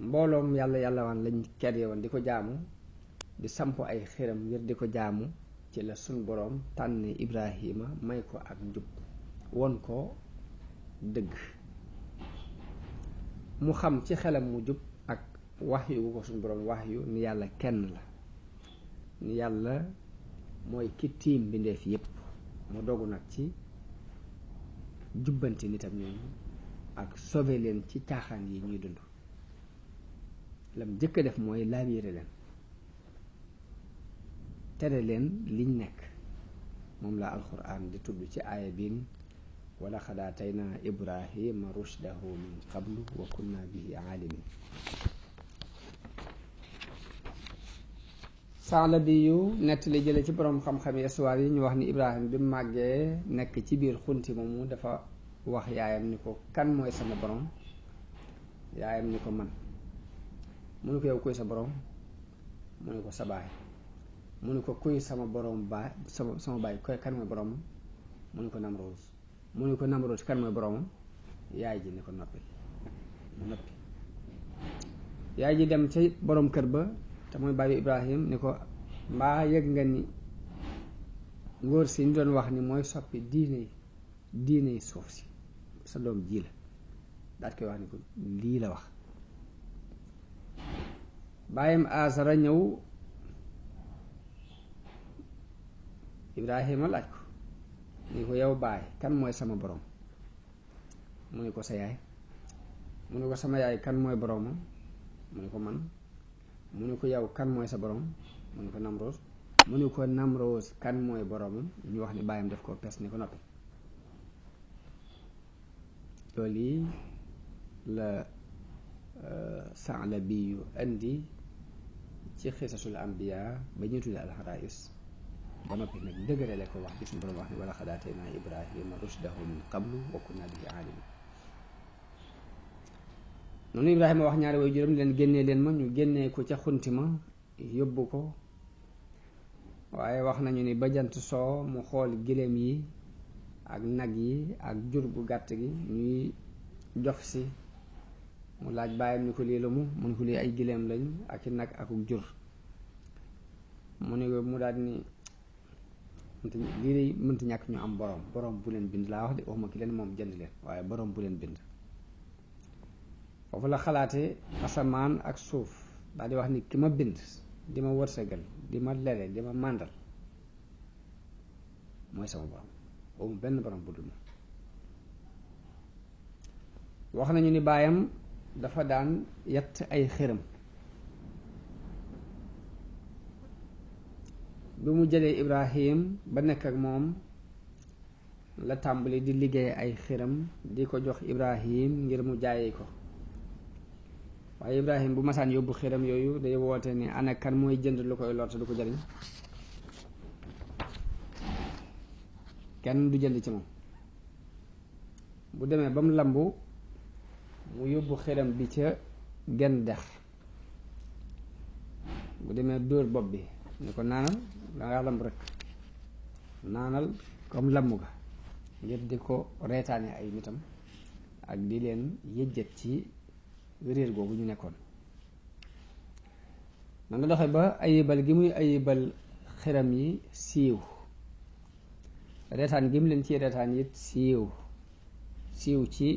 mbooloom yàlla yàlla waan lañ kere woon di ko jaamu di samp ay xiram ngir di ko jaamu ci la suñ boroom tànn Ibrahima may ko ak njub won ko dëgg mu xam ci xelam mu jub ak wax yu ko suñu boroom wax yu ni yàlla kenn la ni yàlla mooy ki tiim mbindeef yépp mu dogu nag ci jubbanti nitam ñooñu ak sobe leen ci caaxaan yi ñuy dund lam jëkk def mooy laabiire leen tere leen liñ nekk moom laa alxuraan di tudd ci aaya biin wala xad aataynaa ibrahima rushdahu min qablu wa kunna bi aalimin saala bi yu nettali jële ci boroom xam-xam yi yi ñu wax ni ibrahim bi mu màggee nekk ci biir xunti moomu dafa wax yaayam ni ko kan mooy sama borom yaayam ni ko man mu ni ko yow kuy sa borom mu ni ko sa baay mu ni ko kuy sama borom baay sama sama baay koy kan mooy borom mu ni ko Namroos mu ne ko Namrud kan mooy boromam yaay ji ne ko noppi noppi yaay ji dem ca borom kër ba te mooy bàyyi Ibrahim ni ko mbaa yëg nga ni ngóor si ñu doon wax ni mooy soppi diine diine suuf si sa doom ji la daat koy wax ni ko lii la wax bàyyam asara ñëw Ibrahima laaj ko mu ne ko yow baay kan mooy sama borom mu ne ko sa yaay mu ne ko sama yaay kan mooy boromam mu ne ko man mu ne ko yow kan mooy sa borom mu ne ko Namroos mu ne ko Namroos kan mooy boromam ñu wax ne baayam daf ko pes ni ko noppi loolu yi la euh, saala bi yu indi ci xisasul ambiya ba ñuy tudde alxaraïs ba noppi nag dëgërale ko wax gis suñu borom wax ne wala xadaatee naa ibrahima rushdahu min qablu wa kunna bihi alimin noonu ibrahima wax ñaari way juróom leen génnee leen ma ñu génnee ko ca xunti ma yóbbu ko waaye wax nañu ni ba soow mu xool giléem yi ak nag yi ak jur gu gàtt gi ñuy jox si mu laaj bàyyam ñu ko lii la mu mun ko lii ay giléem lañ ak i nag ak jur mu ne mu daal ni mënta lii lay mënta ñàkk ñu am boroom borom bu leen bind laa wax de waxuma ki leen moom jënd leen waaye borom bu leen bind foofu la xalaate asamaan ak suuf daal di wax ni ki ma bind di ma wërsëgal di ma lele di ma màndal mooy sama borom boobu benn borom bu dul wax nañu ni baayam dafa daan yett ay xërëm bi mu jëlee Ibrahim ba nekk ak moom la tàmbali di liggéey ay xiram di ko jox Ibrahim ngir mu jaayi ko waaye Ibrahim bu masaan yóbbu xiram yooyu day woote ni ana mooy jënd lu koy lor du ko jariñ kenn du jënd ci moom bu demee ba mu lambu mu yóbbu xiram bi ca genn dex bu demee dóor bopp bi ni ko naanal da ngaa lamb rek naanal comme lamb ga ngir di ko reetaane ay nitam ak di leen yëjjat ci réer googu ñu nekkoon na nga doxe ba ayibal gi muy ayibal xiram yi siiw reetaan gi mu leen ci reetaan it siiw siiw ci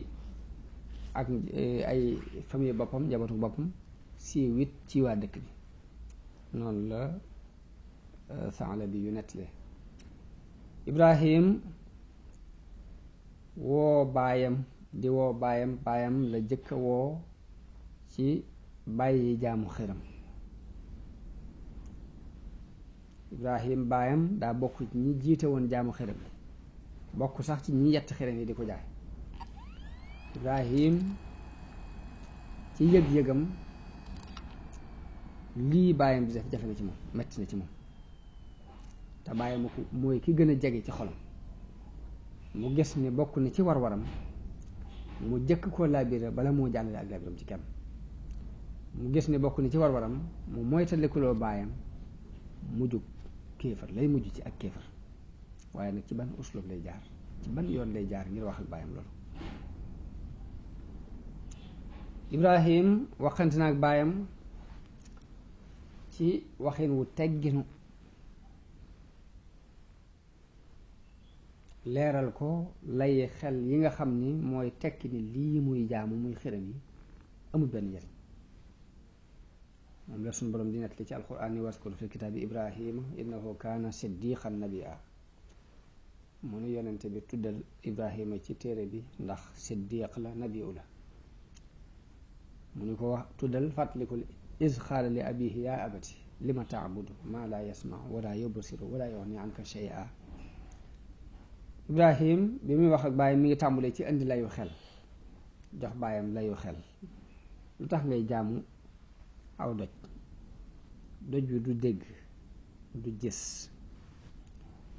ak eh, ay famille boppam njabootu boppam siiw it ci waa dëkk bi noonu la bi yu nettali Ibrahim woo baayam di woo baayam baayam la jëkka woo ci bàyyi jaamu xeram Ibrahim baayam daa bokk ci ñi jiite woon jaamu xiram yi bokk sax ci ñi yett xiram yi di ko jaay Ibrahim ci yëg-yëgam lii baayam di def jafe na ci moom metti na ci moom te bàyyi ma ko mooy ki gën a jege ci xolam mu gis ni bokk na ci war-waram mu jëkk ko laabira bala moo jàllale ak laabiram ci kenn mu gis ne bokk na ci war-waram mu moytandikuloo baayam mu jóg lay mujj ci ak kéefar waaye nag ci ban uslub lay jaar ci ban yoon lay jaar ngir wax ak baayam loolu ibrahim waxante na ak baayam ci waxin wu tegginu leeral ko lay xel yi nga xam ni mooy tekki ni lii muy jaamu muy xërëm yi amul benn njariñ moom la suñu borom di nettali ci alquran ni waskur fi kitaabi ibrahima innahu kaana siddiqan nabia mu nu ci téere bi ndax siddiq la nabiu mu ko wax tuddal fàttalikul is xaala li abihi yaa abati li ma taabudu maa laa yasma wala yubsiru wala yuxni anka shay'a Ibrahim bi muy wax ak bàyyi mi ngi tàmbalee ci indi layu xel jox bàyyam layu xel lu tax ngay jàmm aw doj doj wi du dégg du gis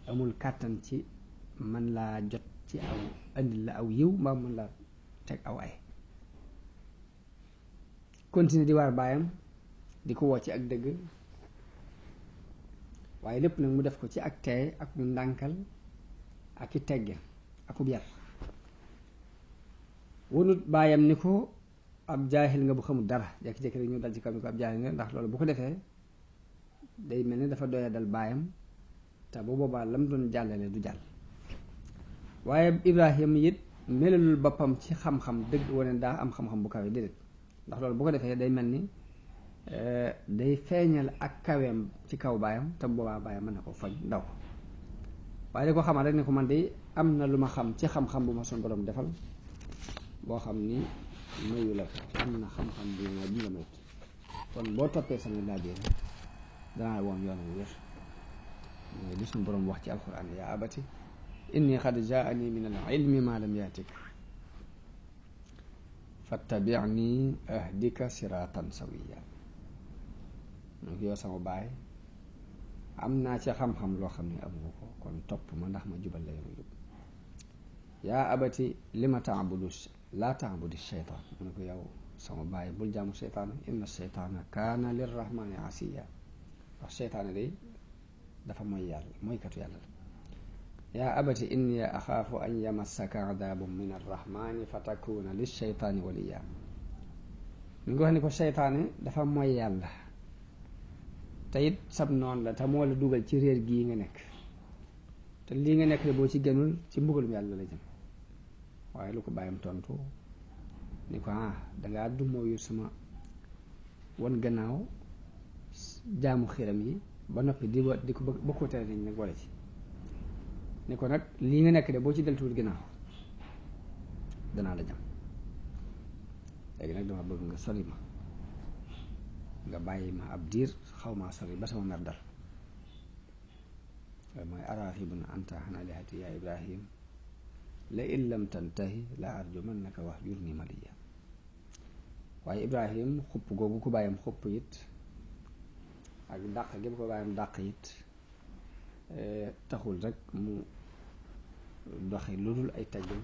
amul kàttan ci mën laa jot ci aw indi la aw yiw mbaa mën laa teg aw ay continuer di waar baayam di ko woo ci ak dégg waaye lépp nag mu def ko ci ak teey ak mu ndànkal ak i teggin akub yar wunut baayam ni ko ab jaahil nga bu xamul dara jekki jékki rek ñu dal ci kaw ni ko ab jaahil nga ndax loolu bu ko defee day mel ni dafa doya dal baayam te bu boobaa lam doon jàllale du jàll waaye Ibrahima it melalul boppam ci xam-xam dëgg wane daa am xam-xam bu ndax loolu bu ko defee day mel ni eh, day feeñal ak kaweem ci kaw baayam te boobaa baayam mën na ko fañ ndaw waaye da ko xamal rek ne ko man de am na lu ma xam ci xam-xam bu ma suñ borom defal boo xam ni mayu la am na xam-xam bu ma bi la mayut kon boo toppee sama laajee rek danaa woon yoon wu wér mooy li suñ borom wax ci alquran yaa abati inni xad jaani min al ilmi ma lam yaatik fattabini ahdika siratan sawiya donc yow sama baay am naa ci xam-xam loo xam ne amoo ko kon topp ma ndax ma jubal la yow jub yaa abati li ma taabudu laa taabudu seytaan mu ne ko yow sama baay bul jaamu seytaana inna seytaana kaana lirrahmaani asiya wax seytaana dafa mooy yàlla mooykatu yàlla la yaa abati inni axaafu an yamassaka adaabu min ngi ko seytaane dafa mooy yàlla te it sab noon la te moo la dugal ci réer gii nga nekk te lii nga nekk de boo ci génnul ci mbugalum yàlla la jëm waaye lu ko bàyyam tontu ni ko ah dangaa du mooyu sama wan gannaaw jaamu xiram yi ba noppi di di ko bokkoo tere nañ nag wala ci ni ko nag lii nga nekk de boo ci deltuwul gannaaw danaa la jam léegi nag dama bëgg nga sori ma nga bàyyi ma ab diir xaw maa sori ba sama mer dal mooy araxibun anta an alihati ya ibrahim la in lam tantahi la arjumannaka wahjurni maliya waaye ibrahim xupp googu ko bàyyam xupp it ak dàq gi ko bàyyam dàq it eh, taxul rek mu doxi lu dul ay teggin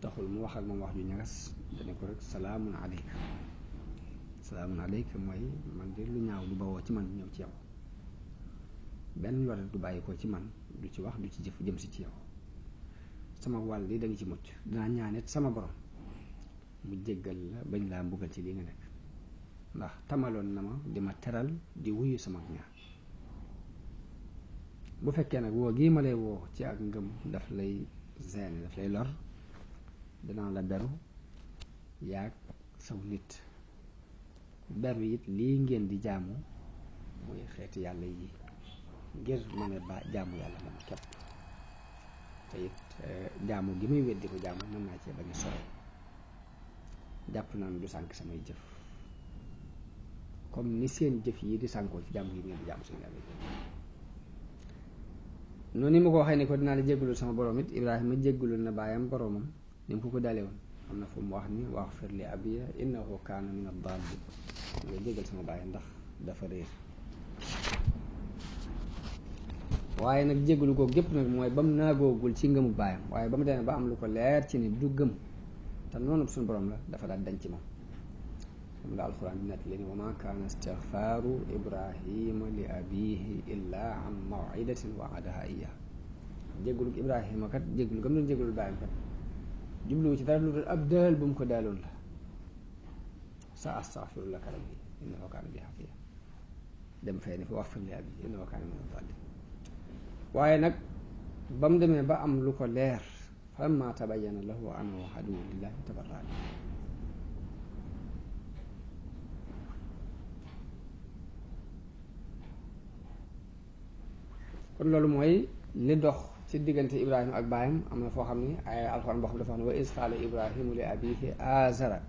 taxul mu wax ak moom wax ju ñagas dane ko rek salaamun aleyka salaamun aleyka mooy man de lu ñaaw lu bawoo ci man ñëw ci yow benn lore du bàyyi ko ci man du ci wax du ci jëf jëm si ci yow sama wàll li da ci mucc dinaa ñaanet sama borom mu jéggal la bañ laa mbugal ci li nga nekk ndax tamaloon na ma di ma teral di wuyu sama ñaan bu fekkee nag woo gii ma lay woo ci ak ngëm daf lay gêné daf lay lor danaa la beru yaag saw nit beru lii ngeen di jaamu muy xeeti yàlla yi ngir mën a ba jaamu yàlla moom képp te it eh, jaamu gi muy weddi ko jaamu mën naa cee bañ a sore jàpp naa ne du sànk samay jëf comme ni seen jëf yii di sànkoo ci jaamu gi ngeen di jaamu suñu yi noonu ni ma ko waxee ne ko dinaa la jéggalul sama borom it Ibrahima jéggalul na baayam boromam ni mu ko ko dalee woon am na fu mu wax ni wax firli abiya innahu kaana min ad-daalliin nga jégal sama baay ndax dafa réer waaye nag jégalu ko gépp nag mooy bam mu naagoogul ci ngëmu baayam waaye ba mu demee ba am lu ko leer ci ne du gëm te noonu suñu borom la dafa daal denc moom moom la alxuraan bi nett leen wa ma kaana istixfaaru ibrahima li abihi illa an mawidatin waadaha iya jégalu ibrahima kat jégalu baayam kat jubluwu ci dara lu dul ab daal bu mu ko daaloon la sa astaghfiru laka rabbi innahu kaana bi xafiya dem fee ni fi waxfir li abi innahu kaana min adh-dhaalimiin waaye nag ba mu demee ba am lu ko leer falamma tabayyana lahu annahu kon loolu mooy li dox ci diggante ibrahima ak baayam am na foo xam ne ay alxuraan boo xam dafa wax ne wa iz qaala ibrahimu li abiihi aazara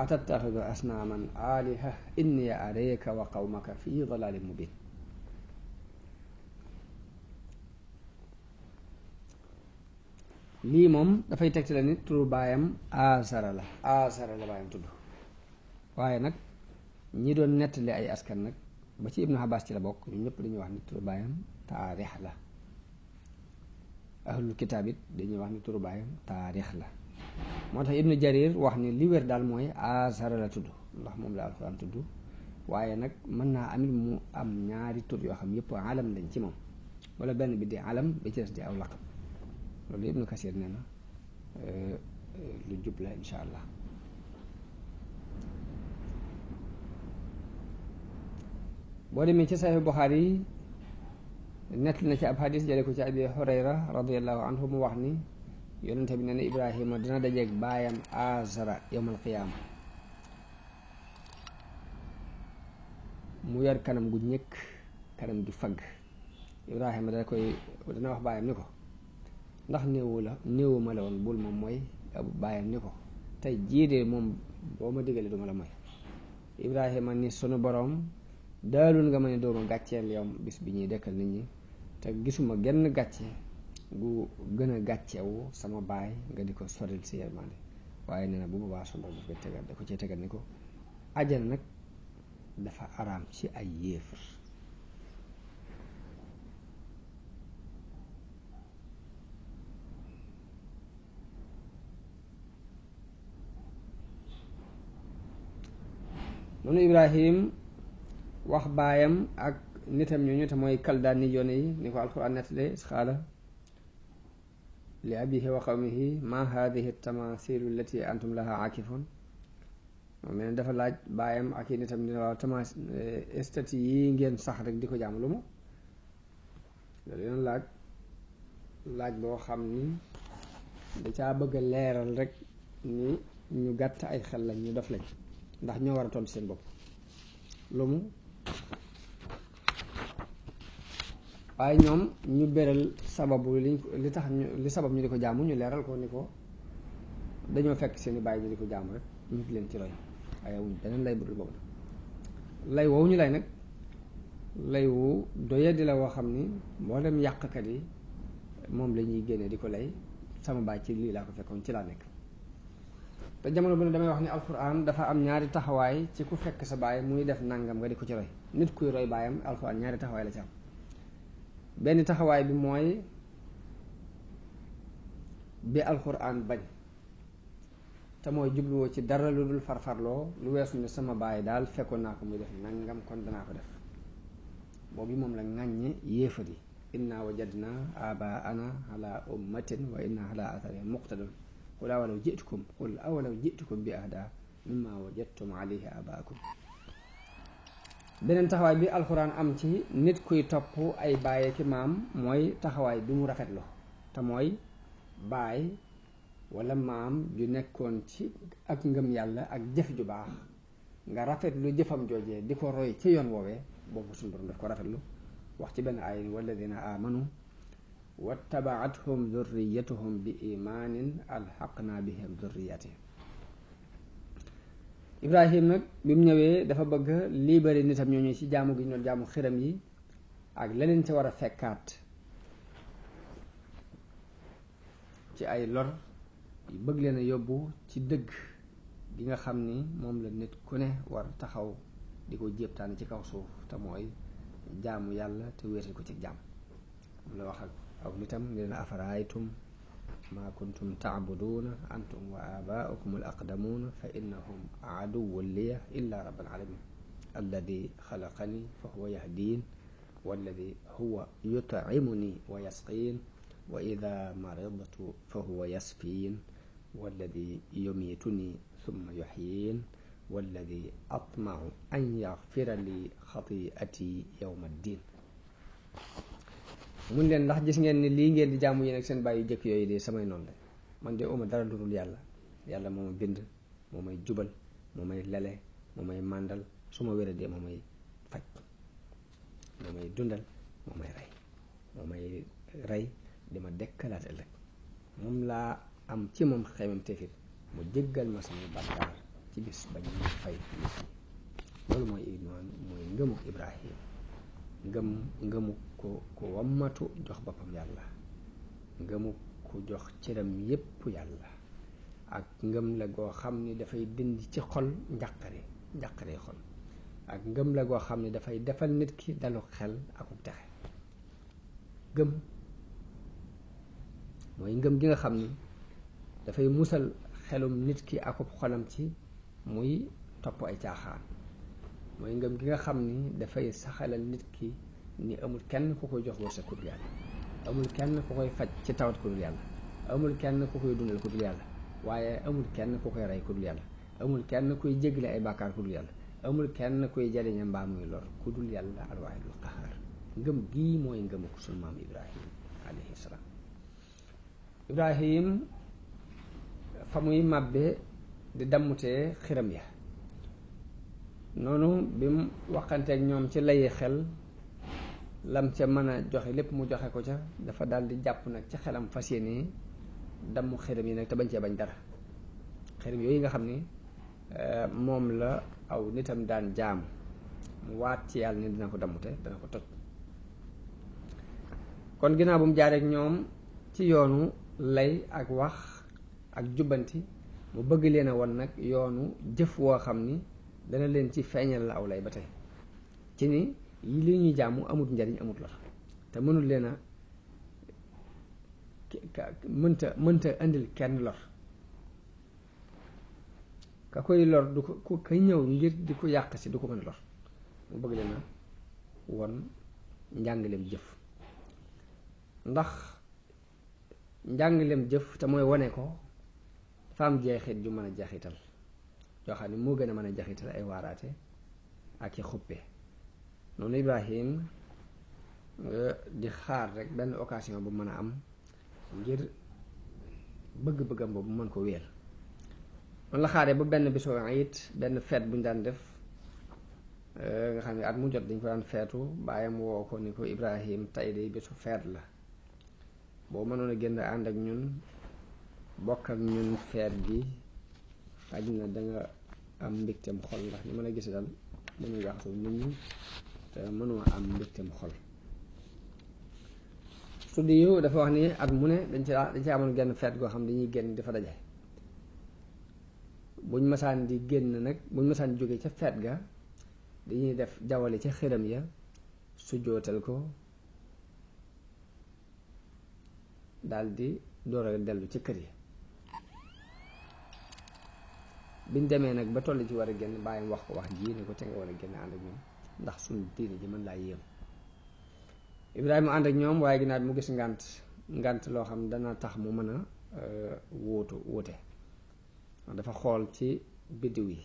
atattaxidu asnaaman aaliha inni arayka wa qawmaka fi dalalin mubin lii moom dafay tegte la nit turu baayam aasara la aasara la baayam tudd waaye nag ñi doon nettali ay askan nag ba ci ibnu abbas ci la bokk ñu ñépp dañuy wax ni turu baayam taarix la ahlul kitaab it dañuy wax ni turu baayam taarix la moo tax ibnu jarir wax ni li wér daal mooy asara la tudd ndax moom la alxuraan tudd waaye nag mën naa amit mu am ñaari tur yoo xam yëpp alam lañ ci moom wala benn bi dee alam bi ci des di aw laqab loolu ibnu kasir nee euh, lu jub la insha allah boo demee ci saxiix buxaari yi nett na ci ab xadis jële ko ci abi hurayra radiallahu anhu mu wax ni yonente bi nee na Ibrahima dina dajeeg baayam azara yowmal qiyaama mu yor kanam gu ñëkk kanam gi fagg Ibrahima dana koy dana wax baayam ni ko ndax néewu la néewu ma la woon bul moom mooy baayam ni ko tey jiidee moom boo ma digale duma la mooy Ibrahima ni sunu boroom daalul nga ma ne dooma gàcceel yom bis bi ñuy dekkal nit ñi te gisuma genn gàcce gu gën a gàcceewu sama baay nga di ko soril si yërmande waaye nee na bu boobaa ko cee tegal ni ko nag dafa araam ci ay yéefar noonu ibrahim wax baayam ak nitam ñooñu te mooy kaldaani yoone yi ni ko alxuraan nettali xaala li abihi wa qawmihi ma hadihi tamasilu allati antum laha akifun moom mel dafa laaj baayam ak yi nitam ne waaw tamas eh, stati yi ngeen sax rek di ko jaam lu mu loolu yoon laaj laaj boo xam ni da caa bëgg a leeral rek ñu gàtt ay xel lañ ñu dof lañ ndax ñoo war a tontu seen bopp lu mu waaye ñoom ñu beral sababu liñ li tax ñu li sabab ñu di ko jaamu ñu leeral ko ni ko dañoo fekk seen i bàyyi ñu di ko jaamu rek ñu di leen ci roy waaye wuñ lay budul boobu lay woowu ñu lay nag lay wu doye di la woo xam ni mboolem yàqkat yi moom la ñuy génne di ko lay sama baay ci lii laa ko fekkoon ci laa nekk te jamono bu ne damay wax ni alxuraan dafa am ñaari taxawaay ci ku fekk sa baay muy def nangam nga di ko ci roy nit kuy roy baayam alxuraan ñaari taxawaay la ci am benn taxawaay bi mooy bi alxuraan bañ te mooy jubluwoo ci dara lu dul farfarloo lu weesu ne sama bàyyi daal fekkoon naa ko muy def nangam kon danaa ko def boobu moom la ŋàññe yéefar yi inna wajadna abaana ala ummatin wa inna ala atharihim muqtadun qul awalaw jitukum qul awalaw jitukum bi ahda mimma wajadtum alayhi abaakum beneen taxawaay bi alxuraan am ci nit kuy topp ay baaye ki maam mooy taxawaay bi mu rafet rafetlu te mooy baay walla maam ju nekkoon ci ak ngëm yàlla ak jëf ju baax nga lu jëfam joojee di ko roy ci yoon woowee boobu suñu borom daf ko rafetlu wax ci benn aay walladina amanu wattabaatuhum dhurriyatuhum bi imaanin alxaqna bihim dhurriyatihim Ibrahim nag bi mu ñëwee dafa bëgg libéré nitam ñooñu ci jaamu gi ñu doon jaamu xiram yi ak leneen ca war a fekkaat ci ay lor yu bëgg leen a yóbbu ci dëgg gi nga xam ni moom la nit ku ne war taxaw di ko jéptaan ci kaw suuf te mooy jaamu yàlla te wéetal ko ci jaam moom la wax ak aw nitam leen afaraaytum ma kuntum taabuduuna antum wa abaaukum al aqdamuuna fa innahum aduwun liya illa rabbal alamin alladi xalaqani fa huwa yahdiin walladi huwa yutcimuni wa yasqiin wa ida maridtu fa huwa yasfiin walladi yumiituni summa yuxyiin walladi atmacu an yaxfira li xatiatii yowma addin mun leen ndax gis ngeen ni lii ngeen di jàmm yéen ak seen bàyyi jëkk yooyu de samay noon la man de uma dara dudul yàlla yàlla moom ma bind moo may jubal moo may lele moo may màndal su ma wéradee moo moo may dundal moo may rey moom laa am ci moom xeymam teefit mu jéggal ma sama bàkkaar ci bis bañ ma fay loolu mooy mooy ngëmu Ibrahim ngëm ngëmu ku ku wammatu jox boppam yàlla ngëmu ku jox cëram yépp yàlla ak ngëm la goo xam ni dafay dindi ci xol njàqare njàqare xol ak ngëm la goo xam ni dafay defal nit ki dalu xel akuk texe gëm mooy ngëm gi nga xam ni dafay musal xelum nit ki akub xolam ci muy topp ay caaxaan mooy ngëm gi nga xam ni dafay saxalal nit ki ni amul kenn ku koy jox wërsëg ku dul yàlla amul kenn ku koy faj ci tawat ku dul yàlla amul kenn ku koy dundal ku dul yàlla waaye amul kenn ku koy rey ku dul yàlla amul kenn kuy jégle ay bàkkaar ku dul yàlla amul kenn kuy jariñe mbaa muy lor ku dul yàlla alwaahidul qahaar ngëm gii mooy ngëmu ko sunu maam ibrahim alayhi salaam fa muy màbbe di dammutee xiram ya noonu bi mu waxanteeg ñoom ci lay xel lam ca mën a joxe lépp mu joxe ko ca dafa daal di jàpp nag ci xelam fas nii damm xelam yi nag te bañ cee bañ dara xelam yooyu nga xam ni euh, moom la aw nitam daan jaamu mu waat ci yàlla ne dina ko dammute dana ko toj kon ginnaaw bu mu jaareek ñoom ci yoonu lay ak wax ak jubbanti mu bëgg leen a won nag yoonu jëf woo xam ni dana leen ci feeñal la aw lay ba tey ci ni li ñuy jaamu amut njariñ amut lor te mënul leen a mënta mënta indil kenn lor ka koy lor du ko ka ñëw ngir di ko yàq si du ko mën a lor mu bëgg leen a won njàngaleem jëf ndax njàngaleem jëf te mooy wane ko fa am jeexit ju mën a jaxital yoo xam ne moo gën a mën a jaxital ay waaraate ak i xuppe noonu Ibrahim euh, di xaar rek benn occasion bu mën a am ngir bëgg-bëggam boobu mën ko wéer noonu la xaaree ba benn bisu it benn feet bu ñu daan def euh, nga xam ne at mu jot dañ ko daan feetu bàyyam woo ko ni ko Ibrahim tey de bisu feet la boo mënoon a génn ànd ak ñun bokk ak ñun feet gi xaj na danga am mbégteem xol ndax ni mën a gis daal dañuy wax nit ñi te mënoo am mbégtem xol studi yu dafa wax ni at mu ne dañ ci dañ amoon genn feet goo xam dañuy génn dafa fa buñ masaan di génn nag buñ masaan jóge ca feet ga dañuy def jawale ca xëram ya sujjootal ko daldi door dellu ca kër yi biñ demee nag ba toll ci war a génn bàyyam wax ko wax jii ne ko te nga war a génn ànd ak ñoom ndax suñu diine ji mën laa yéem Ibrahima ànd ak ñoom waaye ginnaaw bi mu gis ngànt ngànt loo xam dana tax mu mën a euh, wóotu wóote dafa xool ci biddiw yi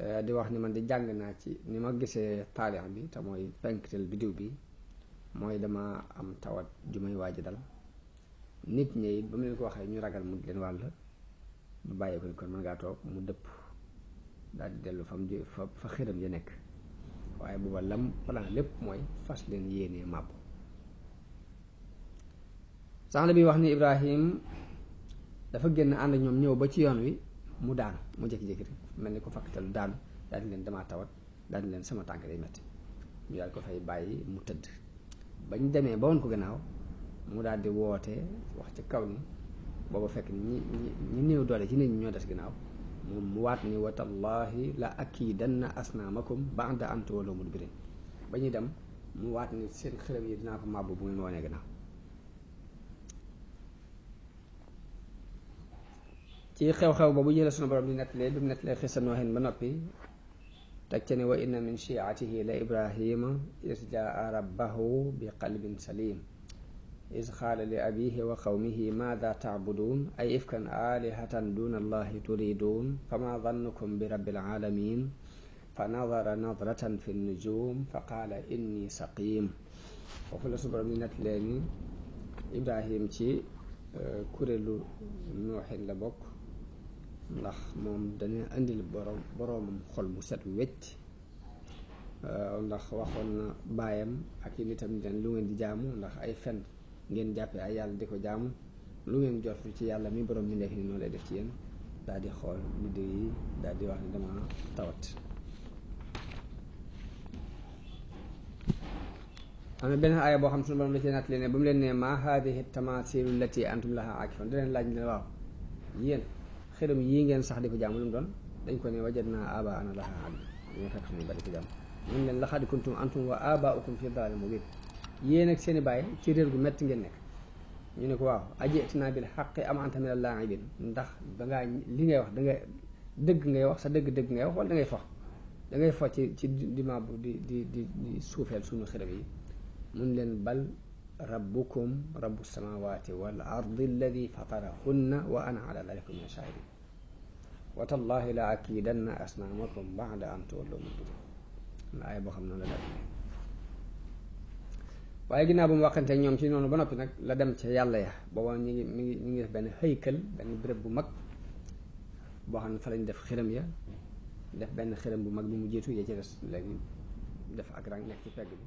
euh, di wax ni man di jàng naa ci ni ma gisee taalix bi te mooy penkital biddiw bi mooy dama am tawat ju may waaj dal nit ñi it ba mu ko waxee ñu ragal mu di leen wàll mu bàyyi ko ni kon mën ngaa toog mu dëpp daal di dellu fa mu fa xëram ya nekk waaye booba lam plan lépp mooy fas leen yéenee màbb saxla bi wax ni Ibrahim dafa génn ànd ñoom ñëw ba ci yoon wi mu daanu mu jékki-jékki rek mel ni ko fakkatalu daanu daal di leen damaa tawat daal leen sama tànk day metti ñu daal ko fay bàyyi mu tëdd bañ demee ba woon ko gannaaw mu daal di woote wax ci kaw ni booba fekk ñi ñi néew doole ci nit ñi ñoo des gannaaw moom mu waat ni watallaahi la akiidanna asnaamakum ba'da an tuwallu mudbirin ba ñuy dem mu waat ni seen xërëm yi dinaa ko màbb bu ngeen ci xew-xew boobu ñu la sunu borom di nettalee bi mu nettalee xisa nooxin ba noppi teg ca ne wa inna min shi'atihi la ibrahima is rabbahu bi qalbin salim is xaala li abihi wa qawmihi maada tacbuduun ay ifkan aalihatan duna allahi turiduun fama dannukum bi rabbil alamin fa nadara nadratan fi nujum fa qaala inni saqim foofu la subaram ni nett leeni ibrahim ci kuréelu nooxin la bokk ndax moom dana indil borom boroomam xol bu set wecc ndax waxoon na baayam ak yi nitam ni lu ngeen di jaamu ndax ay fen ngeen jàppee ay yàlla di ko jaamu lu ngeen jortu ci yàlla mi borom mi nekk ni noonu lay def ci yéen daal di xool nit yi daal di wax ne dama tawat am na benn aaya boo xam suñu borom da cee nattali ne ba mu leen ne maa haadihi tamaasilu lati antum laha aakifoon da leen laaj ne waaw yéen xërëm yi ngeen sax di ko jaamu lu mu doon dañ ko ne wajadnaa aabaana laha abid ñu fekk suñu bari ko jaamu mun leen laxad kuntum antum wa aabaukum fi dalaalin mubiin yéen ak seen i bàyyi ci réer gu metti ngeen nekk ñu ne ko waaw aji'tinaa bil haqqi am anta mina laa'ibiin ndax da ngaa li ngay wax dangay dëgg ngay wax sa dëgg-dëgg ngay wax wala da ngay fox da ci ci dimaab di di di di suufeel suñu xërëm yi mun leen bal rabbukum rabbu samawati wal ardi alladi fatarahunna wa ana ala dalika min shaahidin wa tallaahi la akidanna asnaamakum ba'da an tuwallu mudbirin aaya boo xam ne la dal waaye ginnaaw ba mu waxante ñoom ci noonu ba noppi nag la dem ca yàlla ya booba ñu ngi mu ngi ñu ngi def benn xëykal benn béréb bu mag boo xam ne fa lañ def xërëm ya def benn xërëm bu mag bi mu jiitu ya ci des léegi def ak rang nekk ci pegg bi